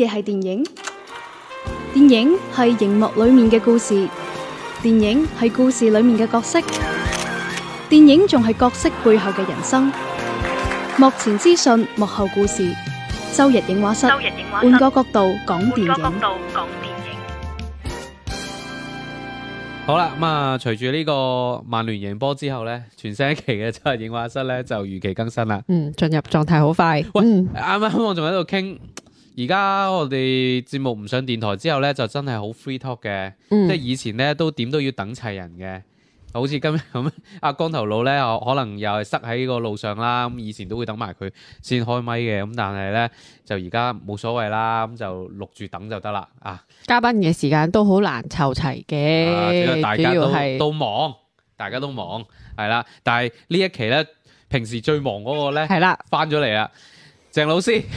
嘢係電影，電影係熒幕裏面嘅故事，電影係故事裏面嘅角色，電影仲係角色背後嘅人生。幕前資訊，幕後故事。周日影畫室，換個角度講電影。好啦，咁啊，隨住呢個曼聯贏波之後呢，全新一期嘅周日影畫室呢就如期更新啦。嗯，進入狀態好快。喂，啱啱我仲喺度傾。而家我哋節目唔上電台之後咧，就真係好 free talk 嘅。嗯、即係以前咧都點都要等齊人嘅，好似今日咁阿光頭佬咧，可能又係塞喺個路上啦。咁以前都會等埋佢先開咪嘅，咁但係咧就而家冇所謂啦，咁就錄住等就得啦啊！嘉賓嘅時間都好難湊齊嘅，啊、主要係都，都忙，大家都忙係啦。但係呢一期咧，平時最忙嗰個咧係啦，翻咗嚟啦，鄭老師。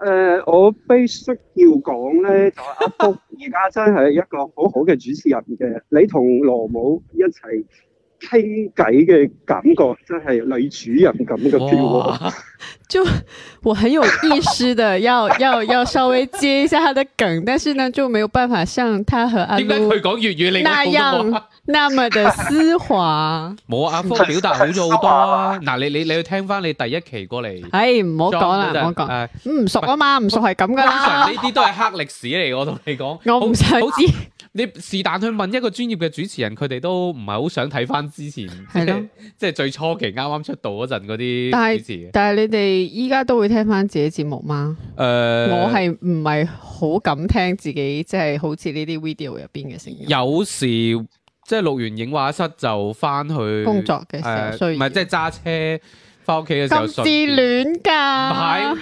誒、呃，我必須要講咧，就係、阿福而家真係一個好好嘅主持人嘅。你同羅姆一齊，傾偈嘅感覺真係女主人咁嘅 feel 就我很有意思嘅，要要要稍微接一下他的梗，但是呢就沒有辦法像他和阿，點解佢講粵語，那樣那麼的絲滑？冇啊，阿峰表達好咗好多啊！嗱、啊，你你你去聽翻你第一期過嚟，唉、哎，唔好講啦，唔好講，唔熟啊嘛，唔熟係咁噶啦。呢啲都係黑歷史嚟，我同你講，我唔想知。 你是但去問一個專業嘅主持人，佢哋都唔係好想睇翻之前，的 即係最初期啱啱出道嗰陣嗰啲主持嘅。但係你哋依家都會聽翻自己節目嗎？誒、呃，我係唔係好敢聽自己，即、就、係、是、好似呢啲 video 入邊嘅聲音？有時即係錄完影畫室就翻去工作嘅時候雖然，需要唔係即係揸車。唔係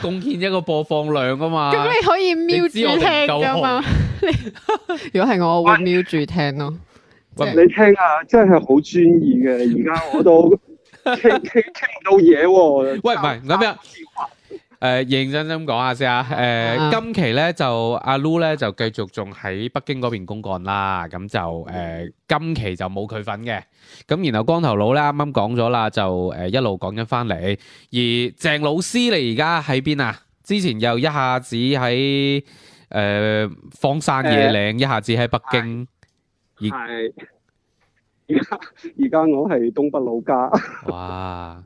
貢獻一個播放量啊嘛，咁你可以瞄住聽噶嘛。如果係我，會瞄住聽咯。喂，你聽下，真係好專業嘅。而家我都傾傾唔到嘢喎。喂，唔係，咁樣。誒，認真咁講下先啊！誒，今期咧就阿 Lu 咧就繼續仲喺北京嗰邊公幹啦，咁就誒今期就冇佢份嘅。咁然後光頭佬咧啱啱講咗啦，就誒一路講緊翻嚟。而鄭老師你而家喺邊啊？之前又一下子喺誒荒山野嶺，一下子喺北京。係。而家而家我係東北老家。哇！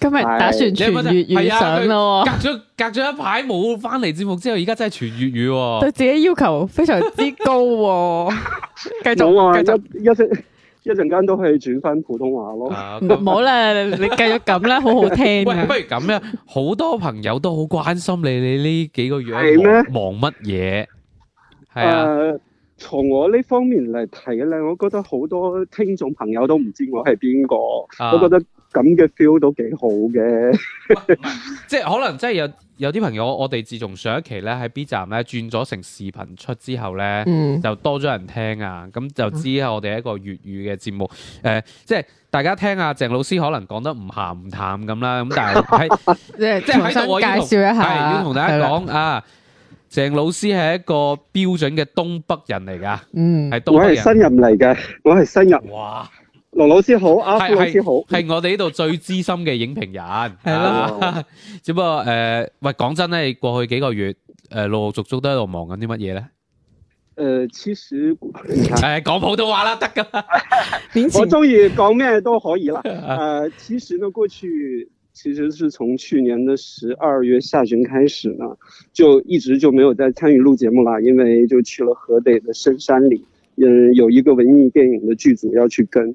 今日打算全粵語上咯，隔咗隔咗一排冇翻嚟節目之後，而家真係全粵語。對自己要求非常之高。繼續，一陣一陣間都可以轉翻普通話咯。唔好啦，你繼續咁啦，好好聽。不如咁啦，好多朋友都好關心你，你呢幾個月忙忙乜嘢？係啊、嗯，從我呢方面嚟睇咧，我覺得好多聽眾朋友都唔知我係邊個。我覺得。咁嘅 feel 都幾好嘅， 即、就、係、是、可能即係有有啲朋友，我哋自從上一期咧喺 B 站咧轉咗成視頻出之後咧、嗯，就多咗人聽啊，咁就知我哋一個粵語嘅節目，誒、呃，即、就、係、是、大家聽啊。鄭老師可能講得唔鹹唔淡咁啦，咁但係即係即係我介紹一下，要同大家講吧啊，鄭老師係一個標準嘅東北人嚟㗎，嗯，係東北人，我係新人嚟嘅，我係新人，哇！羅老師好，阿、啊、富老師好，係我哋呢度最資深嘅影評人，係啦、 啊。 只不過誒、呃，喂，講真咧，過去幾個月誒，陸陸續續都喺度忙緊啲乜嘢咧？誒、呃，其實誒，講 普通話啦，得㗎。 我中意講咩都可以啦。誒、 呃，其實呢，過去其實是從去年嘅十二月下旬開始呢，就一直就沒有再參與錄節目啦，因為就去了河北嘅深山裏，嗯，有一個文藝電影嘅劇組要去跟。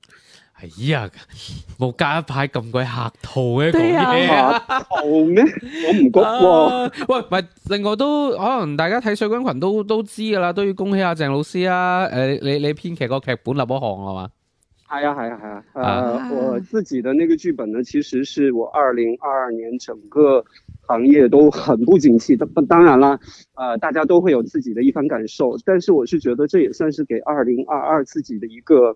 哎呀，冇加一排咁鬼客套嘅，講啲客套咩？ 我唔覺喎。Uh, 喂，唔係，另外都可能大家睇水軍群都都知噶啦，都要恭喜阿鄭老師啊。誒、呃，你你編劇個劇本立波行係嘛？係啊，係啊，係啊。誒，uh, 呀 uh, 我自己的那個劇本呢，其實是我二零二二年整個行業都很不景氣。當當然啦，啊、呃，大家都會有自己的一番感受。但是我是覺得，這也算是給二零二二自己的一個。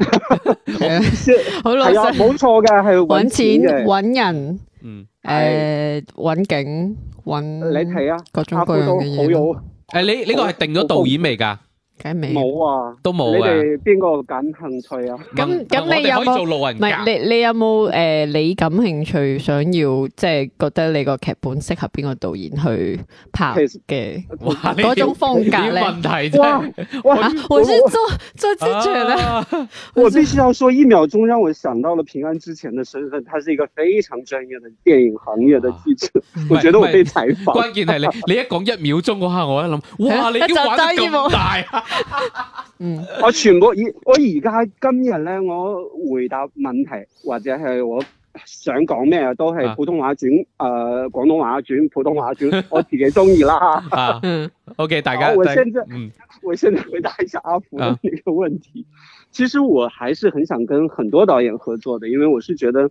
係 啊 老實，冇錯㗎，係搵錢搵人，嗯，誒，搵景搵你係啊，各種各樣嘅嘢。誒 哎，你呢個係定咗導演未噶？冇啊，都冇啊。你哋邊個感興趣啊？咁咁，你有冇做路人？唔係你你有冇誒？你感興趣，想要即係覺得你個劇本適合邊個導演去拍嘅嗰種風格咧？哇！問題啫？我先做做記者啦。我必須要說，一秒鐘讓我想到了平安之前嘅身份，他是一個非常專業的電影行業的記者。我覺得我被採訪。關鍵係你你一講一秒鐘嗰下，我一諗，哇！你已經玩得咁大。 嗯、 我全部以我而家今日咧，我回答問題或者係我想講咩啊，都係普通話轉誒廣東話轉普通話轉，我自己中意啦。 啊、嗯，OK，大家，我現在家我現在回答一下阿福嘅呢個問題。嗯、其實我還是很想跟很多導演合作的，因為我是覺得。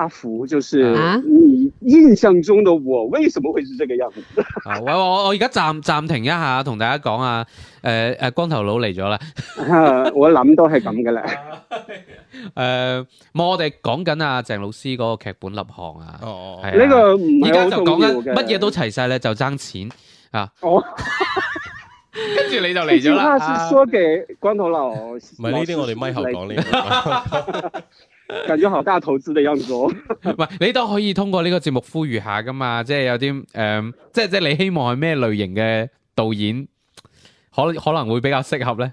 阿福，啊、就是你印象中的我，為什麼會是這個樣子？ 啊、我我我而家暫暫停一下，同大家講啊，誒、呃、誒，光頭佬嚟咗啦，我諗都係咁噶啦。誒，我哋講緊阿鄭老師嗰個劇本立項啊。哦，係呢個唔而家就講緊乜嘢都齊晒咧，就爭錢啊。哦，跟住你就嚟咗啦。哈、啊，啊、說給老老是蘇光頭佬。唔係呢啲，我哋咪後講呢。感覺好大投資的樣子哦。唔係，你都可以通過呢個節目呼籲下㗎嘛，即係有啲、呃、即係你希望係咩類型嘅導演可，可能會比較適合呢？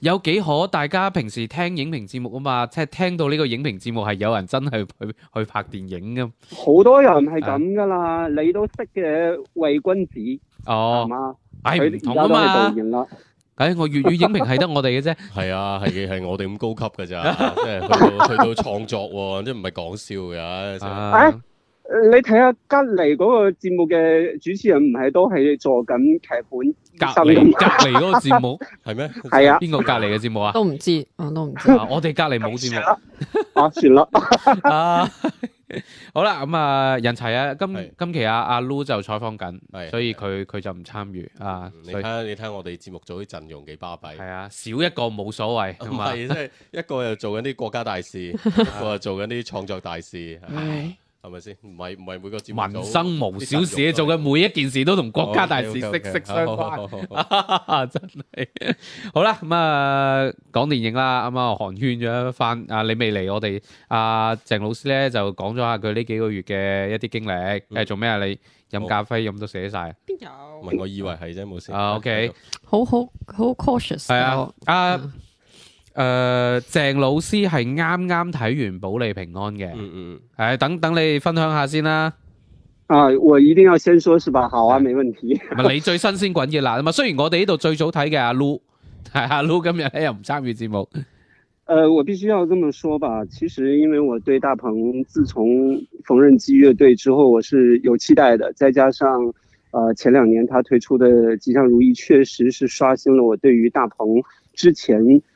有幾可？大家平時聽影評節目啊嘛，即係聽到呢個影評節目係有人真係去去拍電影噶。好多人係咁噶啦，啊、你都識嘅偽君子。哦，係唔吧唉同噶嘛？佢而家係導演啦。唉，我粵語影評係得我哋嘅啫。係 啊，係係我哋咁高級噶咋、 啊？即係去到去到創作，即唔係講笑噶。唉、啊，你睇下隔籬嗰個節目嘅主持人，唔係都係做緊劇本。隔籬隔籬嗰個節目係咩？係啊，邊個隔籬嘅節目啊？都唔知，我都唔知。我哋隔籬冇節目，哦，算啦。啊，好啦，咁啊，人齊，啊，今今期阿阿 Lu 就採訪緊，所以佢佢就唔參與啊。你睇你睇我哋節目組啲陣容幾巴閉。係啊，少一個冇所謂。咁啊，即係一個又做緊啲國家大事，一個又做緊啲創作大事。係咪先？唔係唔係，每個節目民生無小事，做嘅每一件事都同國家大事息息相關，真係。好啦，咁啊講電影啦，啱啱寒暄咗一番。啊，你未嚟我哋啊，鄭老師咧就講咗下佢呢幾個月嘅一啲經歷。誒，做咩啊，你飲咖啡飲到寫曬？邊有？唔係，我以為係啫，冇事。啊 OK，好好好 cautious 係啊，啊。誒，鄭、呃、老師係啱啱睇完保你平安嘅。嗯嗯，誒、哎，等等你分享下先啦。啊，我一定要先說，是吧？好啊，沒問題。 你最新鮮滾熱辣嘅啦嘛，雖然我哋呢度最早睇嘅阿 Lu 係阿 Lu，今日咧又唔參與節目。誒、呃，我必須要這麼說吧，其實因為我對大鵬自從縫紉機樂隊之後，我是有期待嘅。再加上誒、呃、前兩年他推出嘅吉祥如意，確實是刷新了我對於大鵬之前。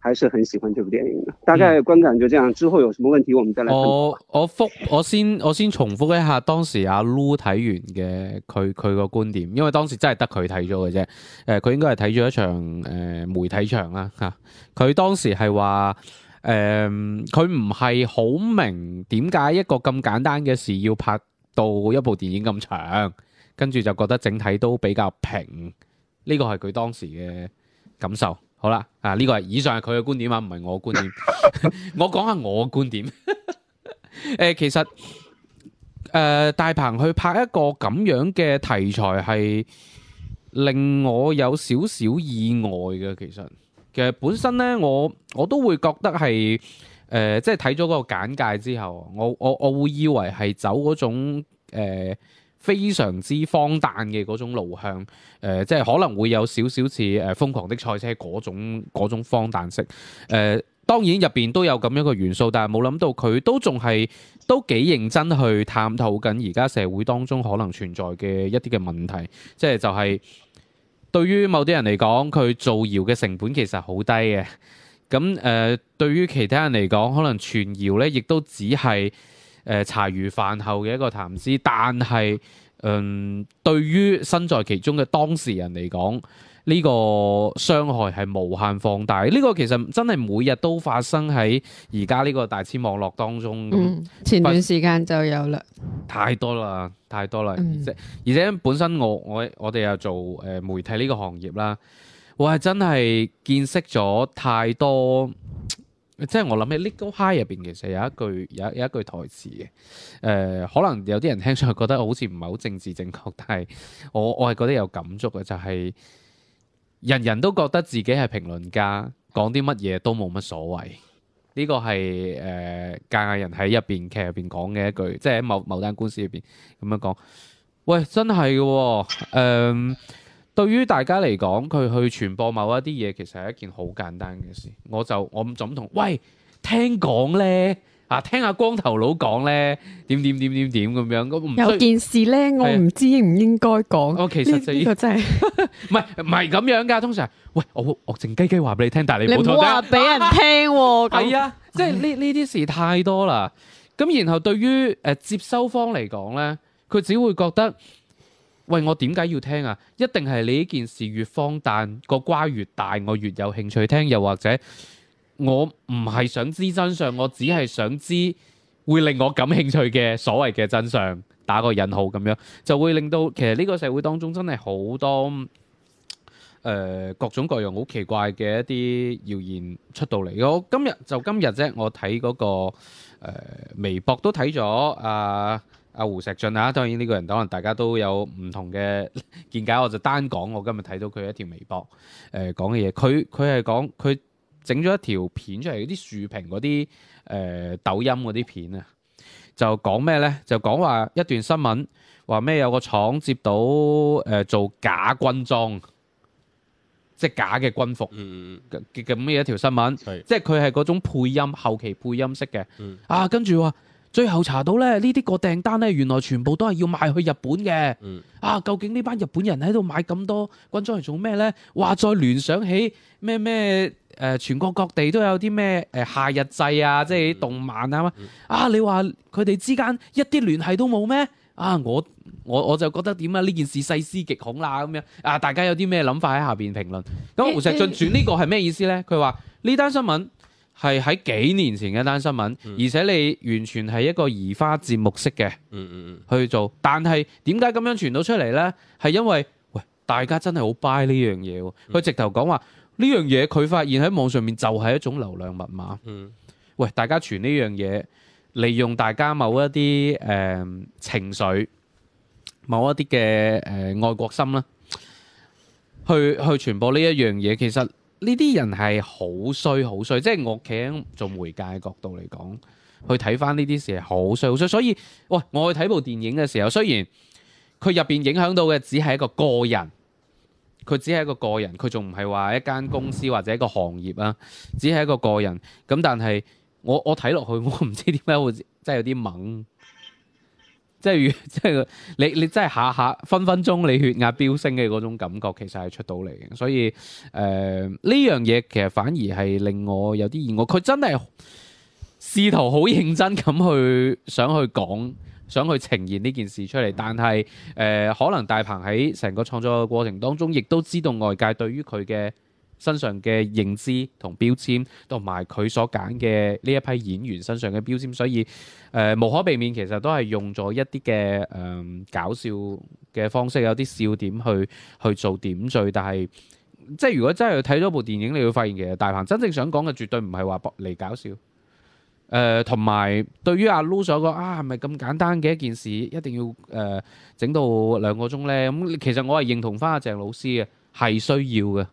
還是很喜歡這部電影。大概觀感就這樣。之後有什麼問題，我們再來。我我我複我先我先重複一下當時阿 Lu 睇完嘅佢佢個觀點，因為當時真係得佢睇咗嘅啫。誒、呃，佢應該係睇咗一場誒、呃、媒體場啦吓。佢、啊、當時係話誒，佢唔係好明點解一個咁簡單嘅事要拍到一部電影咁長，跟住就覺得整體都比較平。呢個係佢當時嘅感受。好啦，啊呢、這個係以上係佢嘅觀點啊，唔係我嘅觀點。我講下我嘅觀點。誒、 呃，其實誒、呃，大鵬去拍一個咁樣嘅題材，係令我有少少意外嘅。其實，其實本身呢，我我都會覺得係誒、呃，即係睇咗個簡介之後，我我我會以為係走嗰種誒。呃非常之荒誕嘅嗰種路向，誒、呃，即係可能會有少少似誒《瘋狂的賽車》嗰種嗰種荒誕式，誒、呃，當然入邊都有咁樣嘅元素，但係冇諗到佢都仲係都幾認真去探討緊而家社會當中可能存在嘅一啲嘅問題，即係就係對於某啲人嚟講，佢造謠嘅成本其實好低嘅，咁誒、呃，對於其他人嚟講，可能傳謠咧，亦都只係。誒茶餘飯後嘅一個談資，但係嗯，對於身在其中嘅當事人嚟講，呢個傷害係無限放大。呢個其實真係每日都發生喺而家呢個大千網絡當中。嗯，前段時間就有啦，太多啦，太多啦。嗯，而且本身我我我哋又做誒媒體呢個行業啦，我係真係見識咗太多。即係我諗起《Legal High》入邊，其實有一句有一有一句台詞嘅，誒、呃，可能有啲人聽上去覺得好似唔係好政治正確，但係我我係覺得有感觸嘅，就係、是、人人都覺得自己係評論家，講啲乜嘢都冇乜所謂，呢、這個係誒，隔、呃、下人喺入邊劇入邊講嘅一句，即係喺某某單官司入邊咁樣講，喂，真係嘅。嗯、呃。對於大家嚟講，佢去傳播某一啲嘢，其實係一件好簡單嘅事。我就我唔準同，喂，聽講咧啊，聽下光頭佬講咧，點點點點點咁樣。樣有件事咧，我唔知唔、啊、應該講。哦，其實就呢個，呢個真係唔係唔係咁樣噶，通常喂，我我靜雞雞話俾你聽，但係你冇同你話俾人聽喎？係啊，即係呢呢啲事太多啦。咁然後對於誒接收方嚟講咧，佢只會覺得。喂，我點解要聽啊？一定係你呢件事越荒誕，個瓜越大，我越有興趣聽。又或者我唔係想知真相，我只係想知會令我感興趣嘅所謂嘅真相。打個引號咁樣，就會令到其實呢個社會當中真係好多誒各種各樣好奇怪嘅一啲謠言出到嚟。我今日就今日啫，我睇嗰個誒微博都睇咗啊！阿胡錫進啊，當然呢個人可能大家都有唔同嘅見解，我就單講我今日睇到佢一條微博，誒、呃、講嘅嘢，佢佢係講佢整咗一條片出嚟，啲豎屏嗰啲誒抖音嗰啲片啊，就講咩咧？就講話一段新聞，話咩有個廠接到誒、呃、做假軍裝，即係假嘅軍服，咁嘅、嗯、一條新聞？是即係佢係嗰種配音後期配音式嘅，嗯、啊跟住話。最後查到咧，呢啲個訂單咧，原來全部都係要賣去日本嘅。嗯、啊，究竟呢班日本人喺度買咁多軍裝嚟做咩咧？話再聯想起咩咩誒，全國各地都有啲咩誒夏日祭啊，即係動漫啊、嗯嗯、啊，你話佢哋之間一啲聯繫都冇咩？啊，我我我就覺得點啊？呢件事細思極恐啦咁樣。啊，大家有啲咩諗法喺下邊評論？咁、欸欸、胡錫進轉呢個係咩意思咧？佢話呢單新聞。係喺幾年前嘅單新聞，嗯、而且你完全係一個移花接木式嘅、嗯嗯、去做，但係點解咁樣傳到出嚟呢？係因為喂，大家真係好 buy 呢樣嘢，佢、嗯、直頭講話呢樣嘢，佢發現喺網上面就係一種流量密碼。嗯、喂，大家傳呢樣嘢，利用大家某一啲誒、呃、情緒、某一啲嘅誒愛國心啦、啊，去去傳播呢一樣嘢，其實。呢啲人係好衰好衰，即係我企喺做媒介嘅角度嚟講，去睇翻呢啲事係好衰好衰。所以，喂，我去睇部電影嘅時候，雖然佢入邊影響到嘅只係一個個人，佢只係一個個人，佢仲唔係話一間公司或者一個行業啊？只係一個個人。咁但係我我睇落去，我唔知點解會真係有啲懵。即係，即係你你真係下下分分鐘，你血壓飆升嘅嗰種感覺，其實係出到嚟嘅。所以誒，呢樣嘢其實反而係令我有啲意外。佢真係試圖好認真咁去想去講，想去呈現呢件事出嚟。但係誒、呃，可能大鵬喺成個創作嘅過程當中，亦都知道外界對於佢嘅身上嘅認知同標籤，同埋佢所揀嘅呢一批演員身上嘅標籤，所以誒、呃、無可避免，其實都係用咗一啲嘅誒搞笑嘅方式，有啲笑點去去做點綴。但係即係如果真係去睇咗部電影，你會發現其實大鵬真正想講嘅，絕對唔係話嚟搞笑。誒、呃，同埋對於阿 Lu 所講啊，係咪咁簡單嘅一件事，一定要誒整、呃、到兩個鐘呢？咁其實我係認同翻阿鄭老師嘅，係需要嘅。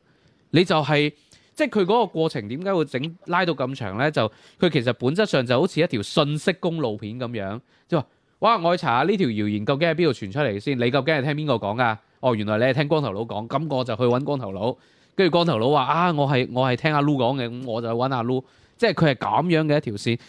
你就係、係、即係佢嗰個過程點解會整拉到咁長呢？就佢其實本質上就好似一條信息公路片咁樣，即係話：哇！我去查下呢條謠言究竟喺邊度傳出嚟先？你究竟係聽邊個講噶？哦，原來你係聽光頭佬講，咁我就去揾光頭佬。跟住光頭佬話：啊，我係我係聽阿 Loo 講嘅，咁我就去揾阿 Loo。即係佢係咁樣嘅一條線。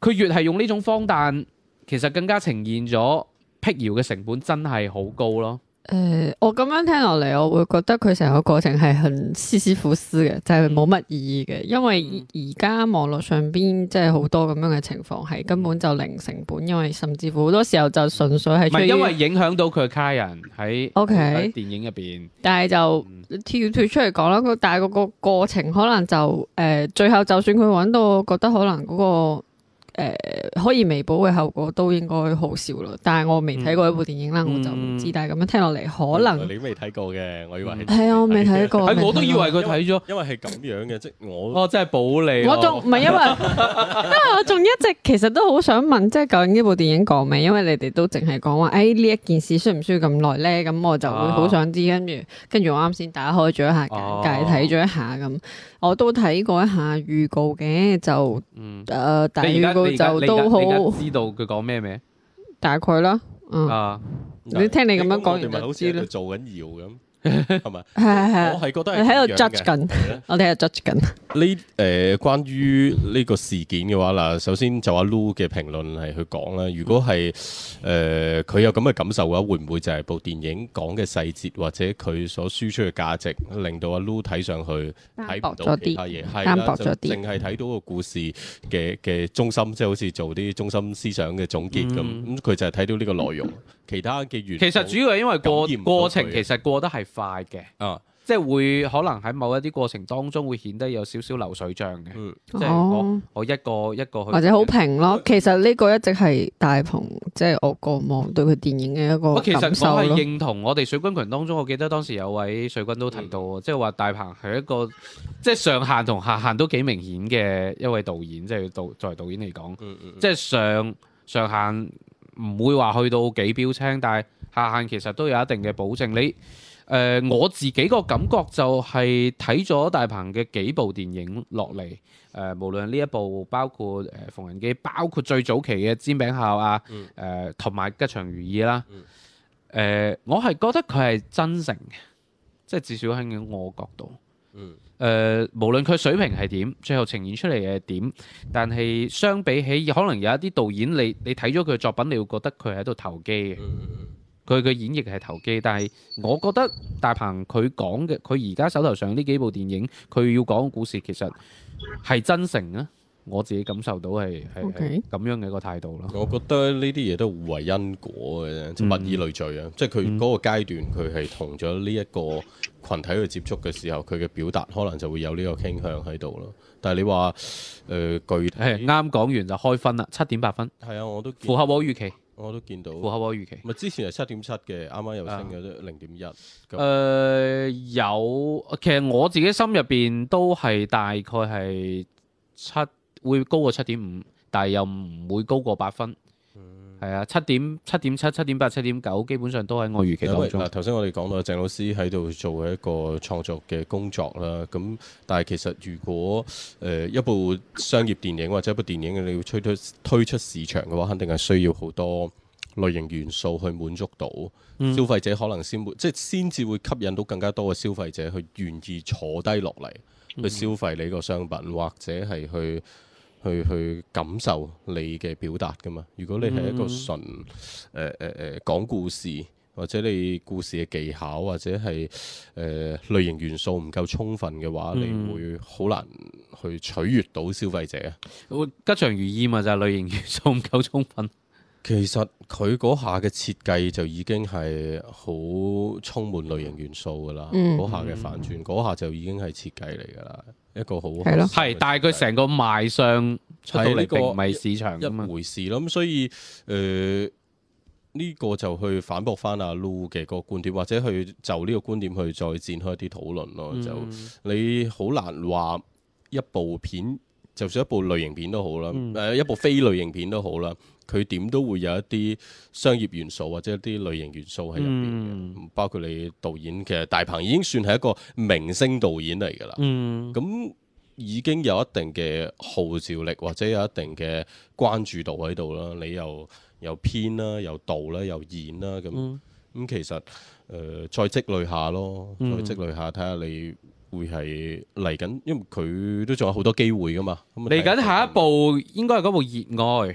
佢越係用呢種荒誕，其實更加呈現咗辟謠嘅成本真係好高咯。誒、呃，我咁樣聽落嚟，我會覺得佢成個過程係很西西弗斯嘅，就係冇乜意義嘅。因為而家網絡上邊即係好多咁樣嘅情況，係根本就零成本。因為甚至乎好多時候就純粹係因為影響到佢嘅卡人喺 O K 電影入邊 Okay,，但係就跳脫出嚟講啦。但係嗰個過程可能就誒、呃，最後就算佢揾到，我覺得可能嗰、那個。誒，可以彌補嘅後果都應該好少咯。但係我未睇過一部電影啦，我就唔知。但係咁樣聽落嚟，可能你未睇過嘅，我以為係。啊，我未睇過。我都以為佢睇咗，因為係咁樣嘅，即係我。哦，即係保你。我仲唔係因為，因為我仲一直其實都好想問，即係究竟呢部電影講咩？因為你哋都淨係講話，誒，呢一件事需唔需要咁耐咧？咁我就會好想知。跟住，跟住我啱先打開咗一下解睇咗一下咁，我都睇過一下預告嘅，就誒，大你就都好你知道佢講咩咩，大概啦。嗯，啊，你聽你咁樣講完，老師咧做緊搖咁。係咪？係係係，我係覺得係喺度 judge 緊， 我哋係 judge 緊。呢誒，關於呢個事件嘅話，嗱，首先就阿 Lu 嘅評論係去講啦。如果係誒，佢、呃、有咁嘅感受嘅話，會唔會就係部電影講嘅細節或者佢所輸出嘅價值，令到阿 Lu 睇上去睇唔到其他嘢，單薄咗啲，淨係睇到個故事嘅嘅中心，即、就、係、是、好似做啲中心思想嘅總結咁。咁佢、嗯、就係睇到呢個內容。嗯其他嘅元素，其實主要係因為過過，過程其實過得係快嘅，啊、嗯，即係會可能喺某一啲過程當中會顯得有少少流水帳嘅。嗯，即哦，我一個一個去，或者好平咯。其實呢個一直係大鵬，即、就、係、是、我個望對佢電影嘅一個感受。其實我係認同我哋水軍群當中，我記得當時有位水軍都提到，嗯、即係話大鵬係一個即係上限同下限都幾明顯嘅一位導演，即係導作為導演嚟講，嗯嗯即係上上限。唔會話去到幾標青，但係下限其實都有一定嘅保證。你誒、呃、我自己個感覺就係睇咗大鵬嘅幾部電影落嚟，誒、呃、無論呢一部包括誒《縫、呃、紉機》，包括最早期嘅《煎餅俠》、啊誒同埋呃、《吉祥如意》啦、呃，誒我係覺得佢係真誠嘅，即係至少喺我角度。嗯誒、呃，無論佢水平係點，最後呈現出嚟嘅係點，但係相比起可能有一啲導演，你你睇咗佢嘅作品，你會覺得佢係喺度投機嘅，佢嘅演繹係投機。但係我覺得大鵬佢講嘅，佢而家手頭上呢幾部電影，佢要講嘅故事其實係真誠啊。我自己感受到係係咁樣嘅一個態度咯。我覺得呢啲嘢都互為因果嘅啫，即、就、係、是、物以類聚啊。嗯、即係佢嗰個階段，佢係同咗呢一個群體去接觸嘅時候，佢嘅、嗯、表達可能就會有呢個傾向喺度咯。但係你話誒、呃、具體係啱講完就開分啦，七點八分。係啊，我都符合我預期。我都見到符合我預期。咪之前係七點七嘅，啱啱又升咗零點一。誒、啊吧呃、有，其實我自己心入邊都係大概係七。會高過七點五，但係又唔會高過八分。係啊、mm.，七點七點七七點八七點九，基本上都係我預期當中。頭先我哋講到鄭老師喺度做一個創作嘅工作啦。咁但係其實如果誒一部商業電影或者一部電影你要推出推出市場嘅話，肯定係需要好多類型元素去滿足到消費者，可能先即係先至會吸引到更加多嘅消費者去願意坐低落嚟去消費你個商品，嗯、或者係去。去去感受你嘅表達噶嘛？如果你係一個純誒誒誒講故事，或者你故事嘅技巧或者係誒、呃、類型元素唔夠充分嘅話，嗯、你會好難去取悅到消費者啊、嗯！吉祥如意嘛，就係、是、類型元素唔夠充分。其實佢嗰下嘅設計就已經係好充滿類型元素噶啦，嗰、嗯、下嘅反轉，嗰下就已經係設計嚟噶啦。一個好係咯，係的，但係佢成個賣相喺呢個唔係市場一，一回事咯。咁所以，誒、呃、呢、這個就去反駁翻阿 Lu 嘅個觀點，或者去就呢個觀點去再展開一啲討論咯。嗯、就你好難話一部片。就算一部類型片都好啦，誒、嗯啊、一部非類型片都好啦，佢點都會有一啲商業元素或者一啲類型元素喺入邊嘅。嗯、包括你導演，其實大鵬已經算係一個明星導演嚟㗎啦。咁、嗯、已經有一定嘅號召力，或者有一定嘅關注度喺度啦。你又又編啦、啊，又導啦、啊，又演啦、啊，咁咁、嗯嗯、其實誒、呃、再積累下咯，再積累下睇下你。會係嚟緊，因為佢都仲有好多機會噶嘛。嚟緊下一步應該係嗰部《熱愛》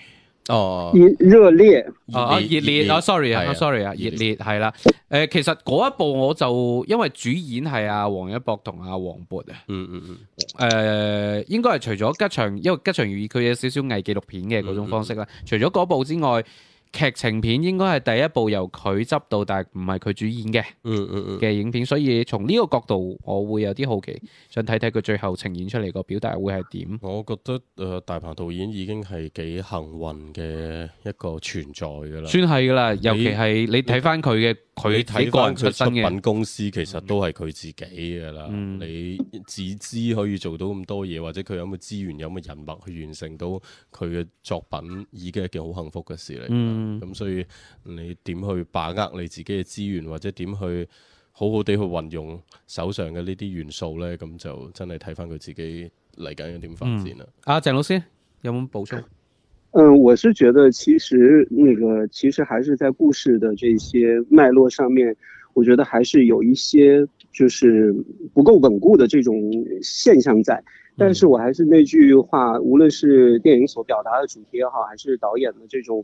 哦，熱烈哦，熱熱烈啊熱烈啊，sorry 啊，sorry 啊，熱烈係啦。誒、哦啊哦，其實嗰一部我就因為主演係阿王一博同阿黃渤，啊、嗯。嗯嗯嗯。誒、呃，應該係除咗《吉祥》，因為《吉祥如意》佢有少少偽紀錄片嘅嗰種方式啦、嗯嗯。除咗嗰部之外。劇情片應該係第一部由佢執導，但係唔係佢主演嘅嘅、嗯嗯、影片，所以從呢個角度，我會有啲好奇，想睇睇佢最後呈現出嚟個表達會係點。我覺得誒，大鵬導演已經係幾幸運嘅一個存在㗎啦，算係㗎啦。尤其係你睇翻佢嘅佢啲個人出身嘅公司，其實都係佢自己㗎啦。嗯、你只知可以做到咁多嘢，或者佢有乜資源，有乜人脈去完成到佢嘅作品，已經係一件好幸福嘅事嚟。嗯。咁所以你點去把握你自己嘅資源，或者點去好好地去運用手上嘅呢啲元素咧？咁就真係睇翻佢自己嚟緊點發展啦。嗯，啊，鄭老師有冇補充？嗯，我是覺得其實，那個其實還是在故事的這些脈絡上面，我覺得還是有一些就是不夠穩固的這種現象在。但是我還是那句話，無論是電影所表達的主題也好，還是導演的這種。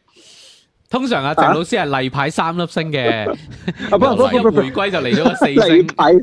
通常阿、啊、鄭老師係例牌三粒星嘅，啊不不一回歸就嚟咗個四星、啊不不不不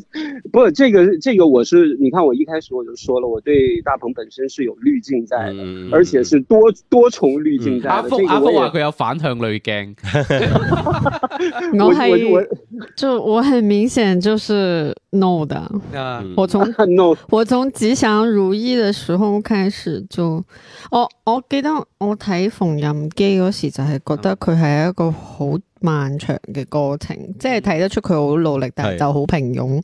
不。不，這個這個我是，你看我一開始我就說了，我對大鵬本身是有濾鏡在的，而且是多多重濾鏡在。阿阿峰話佢有反向濾鏡 ，我我我以，就我很明顯就是。no、um, 我從 no. 我從吉祥如意嘅時候開始就，我我記得我睇《縫紉機》嗰時就係覺得佢係一個好漫長嘅過程，Yeah. 即係睇得出佢好努力，但係就好平庸。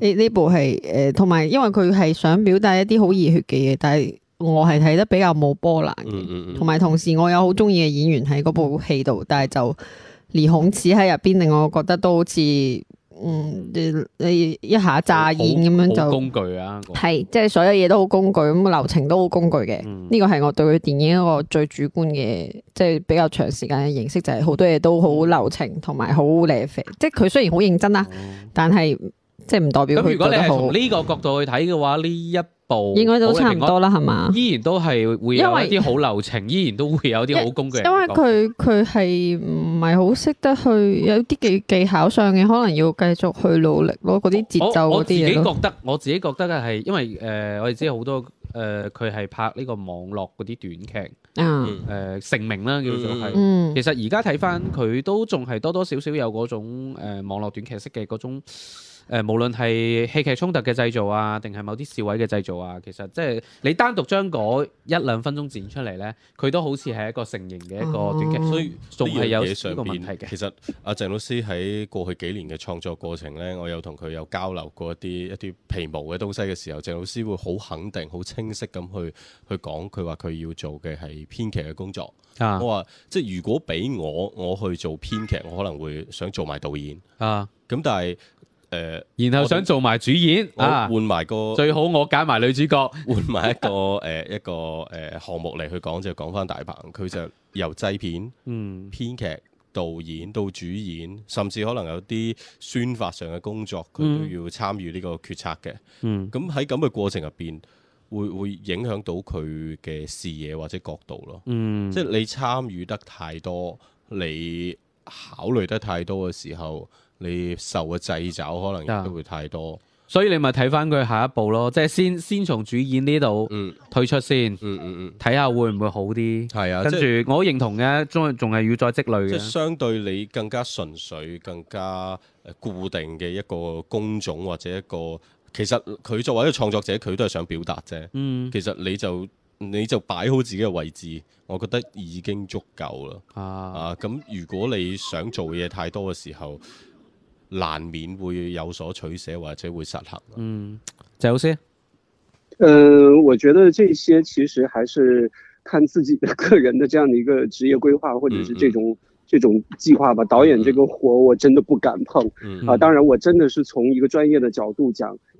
你呢 Yeah. 部係誒，同、呃、埋因為佢係想表達一啲好熱血嘅嘢，但係我係睇得比較冇波瀾嘅，同埋 Yeah. 同時我有好中意嘅演員喺嗰部戲度，但係就連孔子喺入邊令我覺得都好似。嗯，你你一下炸煙咁樣就工具啊，係、那個、即係所有嘢都好工具，咁流程都好工具嘅。呢個係我對佢電影一個最主觀嘅，即係比較長時間嘅認識就係、是、好多嘢都好流程，同埋好咧肥，即係佢雖然好認真啦，哦、但係。即係唔代表如果你係從呢個角度去睇嘅話，呢一部應該都差唔多啦，係嘛無？為依然都係會有啲好流程，為依然都會有啲好工嘅。因為佢佢係唔係好識得去有啲技技巧上嘅，可能要繼續去努力咯。嗰啲節奏我自己覺得，我自己覺得嘅係因為誒、呃，我哋知好多誒，佢、呃、係拍呢個網絡嗰啲短劇啊，成、呃、名啦叫做係。嗯、其實而家睇返佢都仲係多多少少有嗰種誒網絡短劇式嘅嗰種。誒、呃，無論係戲劇衝突嘅製造啊，定係某啲示威嘅製造啊，其實即係你單獨將嗰一兩分鐘剪出嚟呢，佢都好似係一個成型嘅一個短劇。所以仲係有呢嘢上面。嗯、其實阿鄭老師喺過去幾年嘅創作過程呢，我有同佢有交流過一啲一啲皮毛嘅東西嘅時候，鄭老師會好肯定、好清晰咁去去講佢話佢要做嘅係編劇嘅工作。啊、我話即係如果俾我我去做編劇，我可能會想做埋導演啊。咁、啊、但係。誒，呃、然後想就做埋主演換、啊，換埋個最好我揀埋女主角，換 埋一個誒、呃、一個誒項目嚟去講，就講、是、翻大鵬，佢就由製片、編劇、嗯、導演到主演，甚至可能有啲宣發上嘅工作，佢都要參與呢個決策嘅。嗯，咁喺咁嘅過程入邊，會會影響到佢嘅視野或者角度咯。嗯、即係你參與得太多，你考慮得太多嘅時候。你受嘅掣肘可能都會太多，嗯、所以你咪睇翻佢下一步咯，即係先先從主演呢度退出先，睇、嗯嗯嗯、下會唔會好啲？係、嗯、啊，跟住着即我好認同嘅，中仲係要再積累即係相對你更加純粹、更加固定嘅一個工種或者一個，其實佢作為一個創作者，佢都係想表達啫。嗯，其實你就你就擺好自己嘅位置，我覺得已經足夠啦、啊啊。啊，咁如果你想，想做嘢太多嘅時候。難免會有所取捨，或者會失衡、啊。嗯，就先。嗯 呃，我覺得這些其實還是看自己的個人的這樣的一個職業規劃或者是這種、嗯、這種計劃吧。導演這個活我真的不敢碰。嗯、啊，當然我真的是從一個專業的角度講。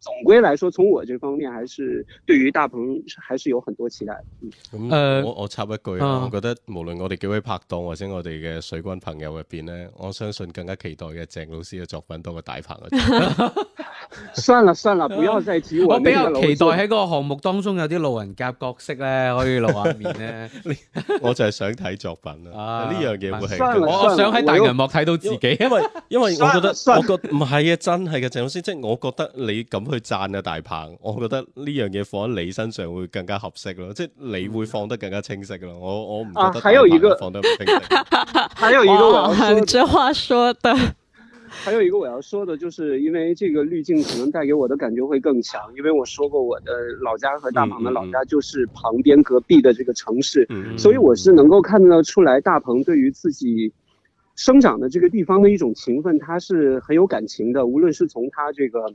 總歸來說，從我這方面，還是對於大鵬，還是有很多期待。嗯，咁，我我插一句我覺得，無論我哋幾位拍檔，或者我哋嘅水軍朋友入邊咧，我相信更加期待嘅鄭老師嘅作品多過大鵬。算了算了，不要再提我。我比較期待喺個項目當中有啲路人甲角色咧，可以露下面咧。我就係想睇作品啊。呢樣嘢冇興趣。我我想喺大銀幕睇到自己，因為因為我覺得我覺唔係啊，真係嘅鄭老師，即係我覺得你咁。去讚啊！大鵬，我覺得呢樣嘢放喺你身上會更加合適咯，即係你會放得更加清晰咯。我我唔覺得大鵬放得唔清晰啊。還有一個我要這話說的， 還有一個我要說的， 說的就是因為這個濾鏡可能帶給我的感覺會更強。因為我說過，我的老家和大鵬的老家就是旁邊隔壁的這個城市，嗯、所以我是能夠看得出來，大鵬對於自己生長的這個地方的一種情分，他是很有感情的。無論是從他這個。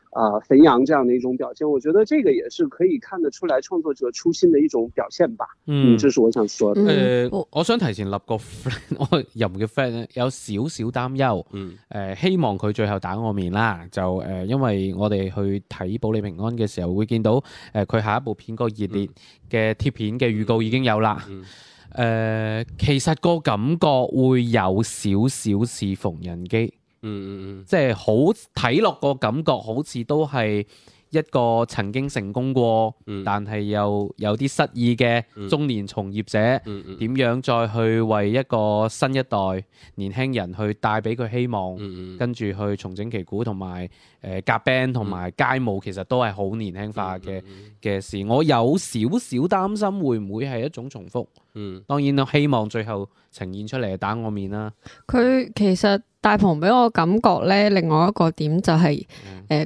啊，肥羊、呃、這樣的一種表現，我覺得這個也是可以看得出來創作者初心的一種表現吧。嗯，這是我想說的。誒、嗯呃，我想提前立個 friend，我又唔 friend 咧，有少少擔憂。嗯。誒、呃，希望佢最後打我面啦。就誒、呃，因為我哋去睇《保你平安》嘅時候，會見到誒佢、呃、下一部片個熱烈嘅貼片嘅預告已經有啦。誒、嗯嗯嗯呃，其實個感覺會有少少似縫紉機。嗯嗯嗯，即係好睇落個感覺，好似都係一個曾經成功過，嗯、但係又有啲失意嘅中年從業者，點、嗯嗯嗯、樣再去為一個新一代年輕人去帶俾佢希望，嗯嗯嗯嗯跟住去重整旗鼓同埋，誒、呃、夾 band 同埋街舞其實都係好年輕化嘅嘅、嗯嗯、事，我有少少擔心會唔會係一種重複。嗯、當然我希望最後呈現出嚟打我面啦。佢其實大鵬俾我感覺咧，另外一個點就係、是、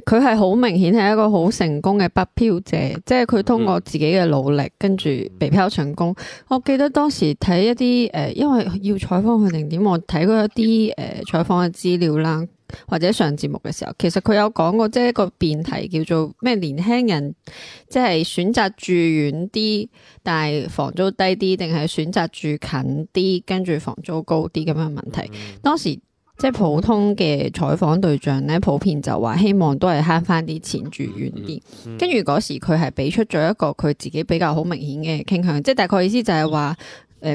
誒，佢係好明顯係一個好成功嘅北漂者，即係佢通過自己嘅努力、嗯、跟住北漂成功。我記得當時睇一啲誒、呃，因為要採訪佢定點，我睇過一啲誒、呃、採訪嘅資料啦。或者上節目嘅時候，其實佢有講過，即係一個辯題叫做咩？年輕人即係選擇住遠啲，但係房租低啲，定係選擇住近啲，跟住房租高啲咁樣問題。當時即係普通嘅採訪對象呢，普遍就話希望都係慳翻啲錢住遠啲。跟住嗰時佢係俾出咗一個佢自己比較好明顯嘅傾向，即係大概意思就係話。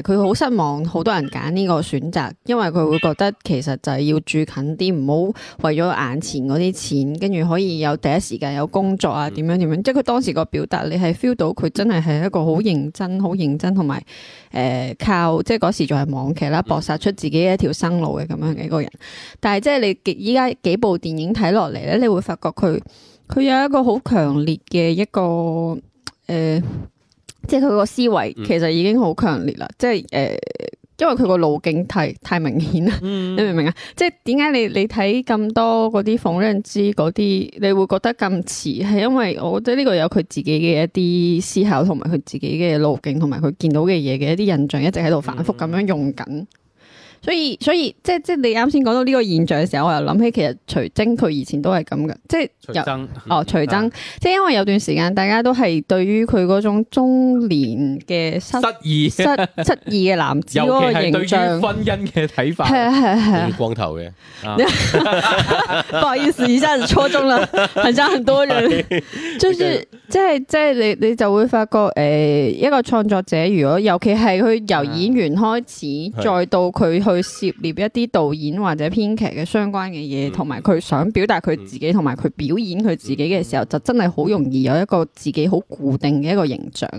誒佢好失望，好多人揀呢個選擇，因為佢會覺得其實就係要住近啲，唔好為咗眼前嗰啲錢，跟住可以有第一時間有工作啊，點樣點樣。即係佢當時個表達，你係 feel 到佢真係係一個好認真、好認真，同埋誒靠，即係嗰時仲係網劇啦，搏殺出自己一條生路嘅咁樣嘅一個人。但係即係你依家幾部電影睇落嚟咧，你會發覺佢佢有一個好強烈嘅一個誒。呃即係佢個思維其實已經好強烈啦，即係誒、呃，因為佢個路徑太太明顯啦，mm hmm. 你明唔明啊？即係點解你你睇咁多嗰啲諷諷刺嗰啲，你會覺得咁遲？係因為我覺得呢個有佢自己嘅一啲思考同埋佢自己嘅路徑同埋佢見到嘅嘢嘅一啲印象一直喺度反覆咁樣用緊。Mm hmm. 所以所以即係即係你啱先講到呢個現象嘅時候，我又諗起其實徐崢佢以前都係咁嘅，即係徐哦徐崢，即係因為有段時間大家都係對於佢嗰種中年嘅失失失意嘅男子嗰個形象，尤其係對於婚姻嘅睇法，係係係光頭嘅，不好意思，一下子戳中啦，係像很多人，就是即係即係你你就會發覺誒一個創作者，如果尤其係佢由演員開始，再到佢去。去涉獵一啲導演或者編劇嘅相關嘅嘢，同埋佢想表達佢自己，同埋佢表演佢自己嘅時候，嗯、就真係好容易有一個自己好固定嘅一個形象。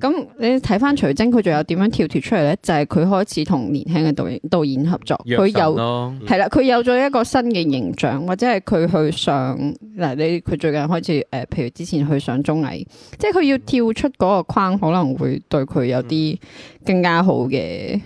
咁、嗯、你睇翻徐崢，佢仲有點樣跳脫出嚟咧？就係、是、佢開始同年輕嘅導演導演合作，佢、哦、有係啦，佢、嗯、有咗一個新嘅形象，或者係佢去上嗱，你佢最近開始誒、呃，譬如之前去上綜藝，即係佢要跳出嗰個框，可能會對佢有啲更加好嘅。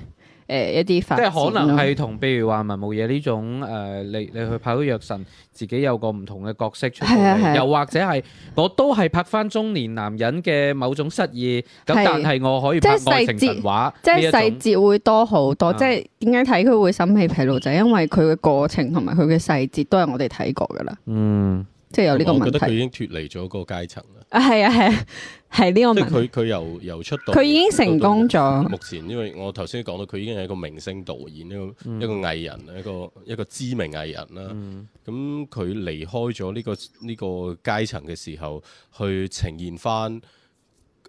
誒、呃、一啲發展即係可能係同，譬如話文牧野呢種誒、呃，你你去拍啲藥神，自己有個唔同嘅角色出嚟，是是又或者係我都係拍翻中年男人嘅某種失意，咁的但係我可以拍愛情神，神話的即係細節會多好多，啊、即係點解睇佢會審美疲勞就係、是、因為佢嘅過程同埋佢嘅細節都係我哋睇過噶啦。嗯。即係有呢個問題，覺得佢已經脫離咗個階層啦。啊，係啊，係、啊，係呢個問題。佢佢又又出道，佢已經成功咗。目前因為我頭先講到，佢已經係一個明星導演，嗯、一個一個藝人，一個一個知名藝人啦。咁佢離開咗呢、這個呢、這個階層嘅時候，去呈現翻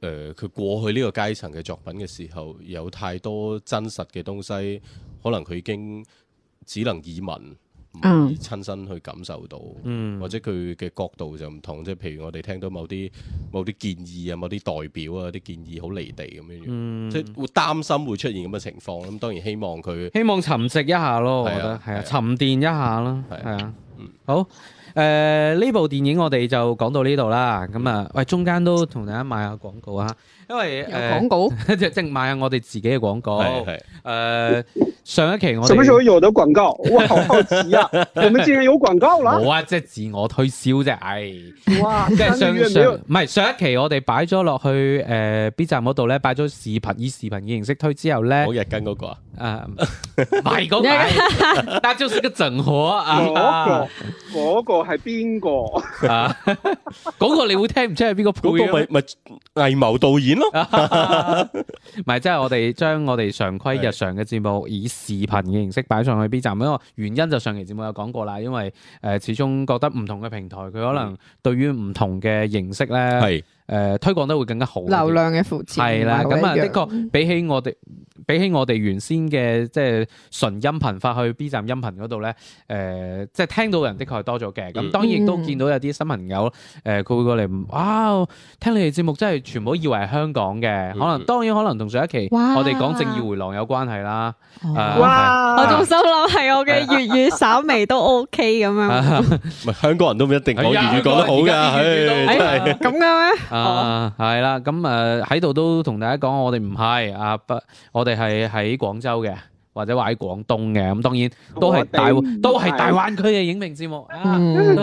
誒佢過去呢個階層嘅作品嘅時候，有太多真實嘅東西，可能佢已經只能耳聞。唔會親身去感受到，嗯、或者佢嘅角度就唔同，即係譬如我哋聽到某啲某啲建議啊，某啲代表啊啲建議好離地咁樣樣，嗯、即係會擔心會出現咁嘅情況。咁當然希望佢希望沉寂一下咯，係啊，我覺得啊，沉澱一下咯，係啊，好誒呢、呃、部電影我哋就講到呢度啦。咁啊，喂中間都同大家賣下廣告啊！因為廣告即係，即係買我哋自己嘅廣告。系系，誒，上一期我哋什麼時候有的廣告？哇，好好奇啊！我哋竟然有廣告啦！冇啊，即係自我推銷啫。唉，哇！即係上唔係上一期我哋擺咗落去誒 B 站嗰度咧，擺咗視頻以視頻嘅形式推之後咧。好日更嗰個啊？唔係嗰個，那就是個整合啊。嗰個嗰個係邊個？嗰個你會聽唔出係邊個？嗰個咪咪藝謀導演。咯，唔係即係我哋將我哋常規日常嘅節目以視頻嘅形式擺上去 B 站，因為原因就上期節目有講過啦，因為誒、呃、始終覺得唔同嘅平台佢可能對於唔同嘅形式咧係。誒，推廣得會更加好。流量嘅扶持係啦，咁啊的確比起我哋比起我哋原先嘅即係純音頻發去 B 站音頻嗰度咧，誒，即係聽到嘅人的確係多咗嘅。咁當然亦都見到有啲新朋友，誒，佢會過嚟，哇，聽你哋節目真係，全部以為係香港嘅，可能當然可能同上一期我哋講正義迴廊有關係啦。哇，我仲心諗係我嘅粵語稍微都 OK 咁樣，唔係香港人都唔一定講粵語講得好噶，真係咁嘅咩？啊，係啦，咁誒喺度都同大家講，我哋唔係啊，不，我哋係喺廣州嘅。或者話喺廣東嘅咁，當然都係大都係大灣區嘅影評節目。嗯，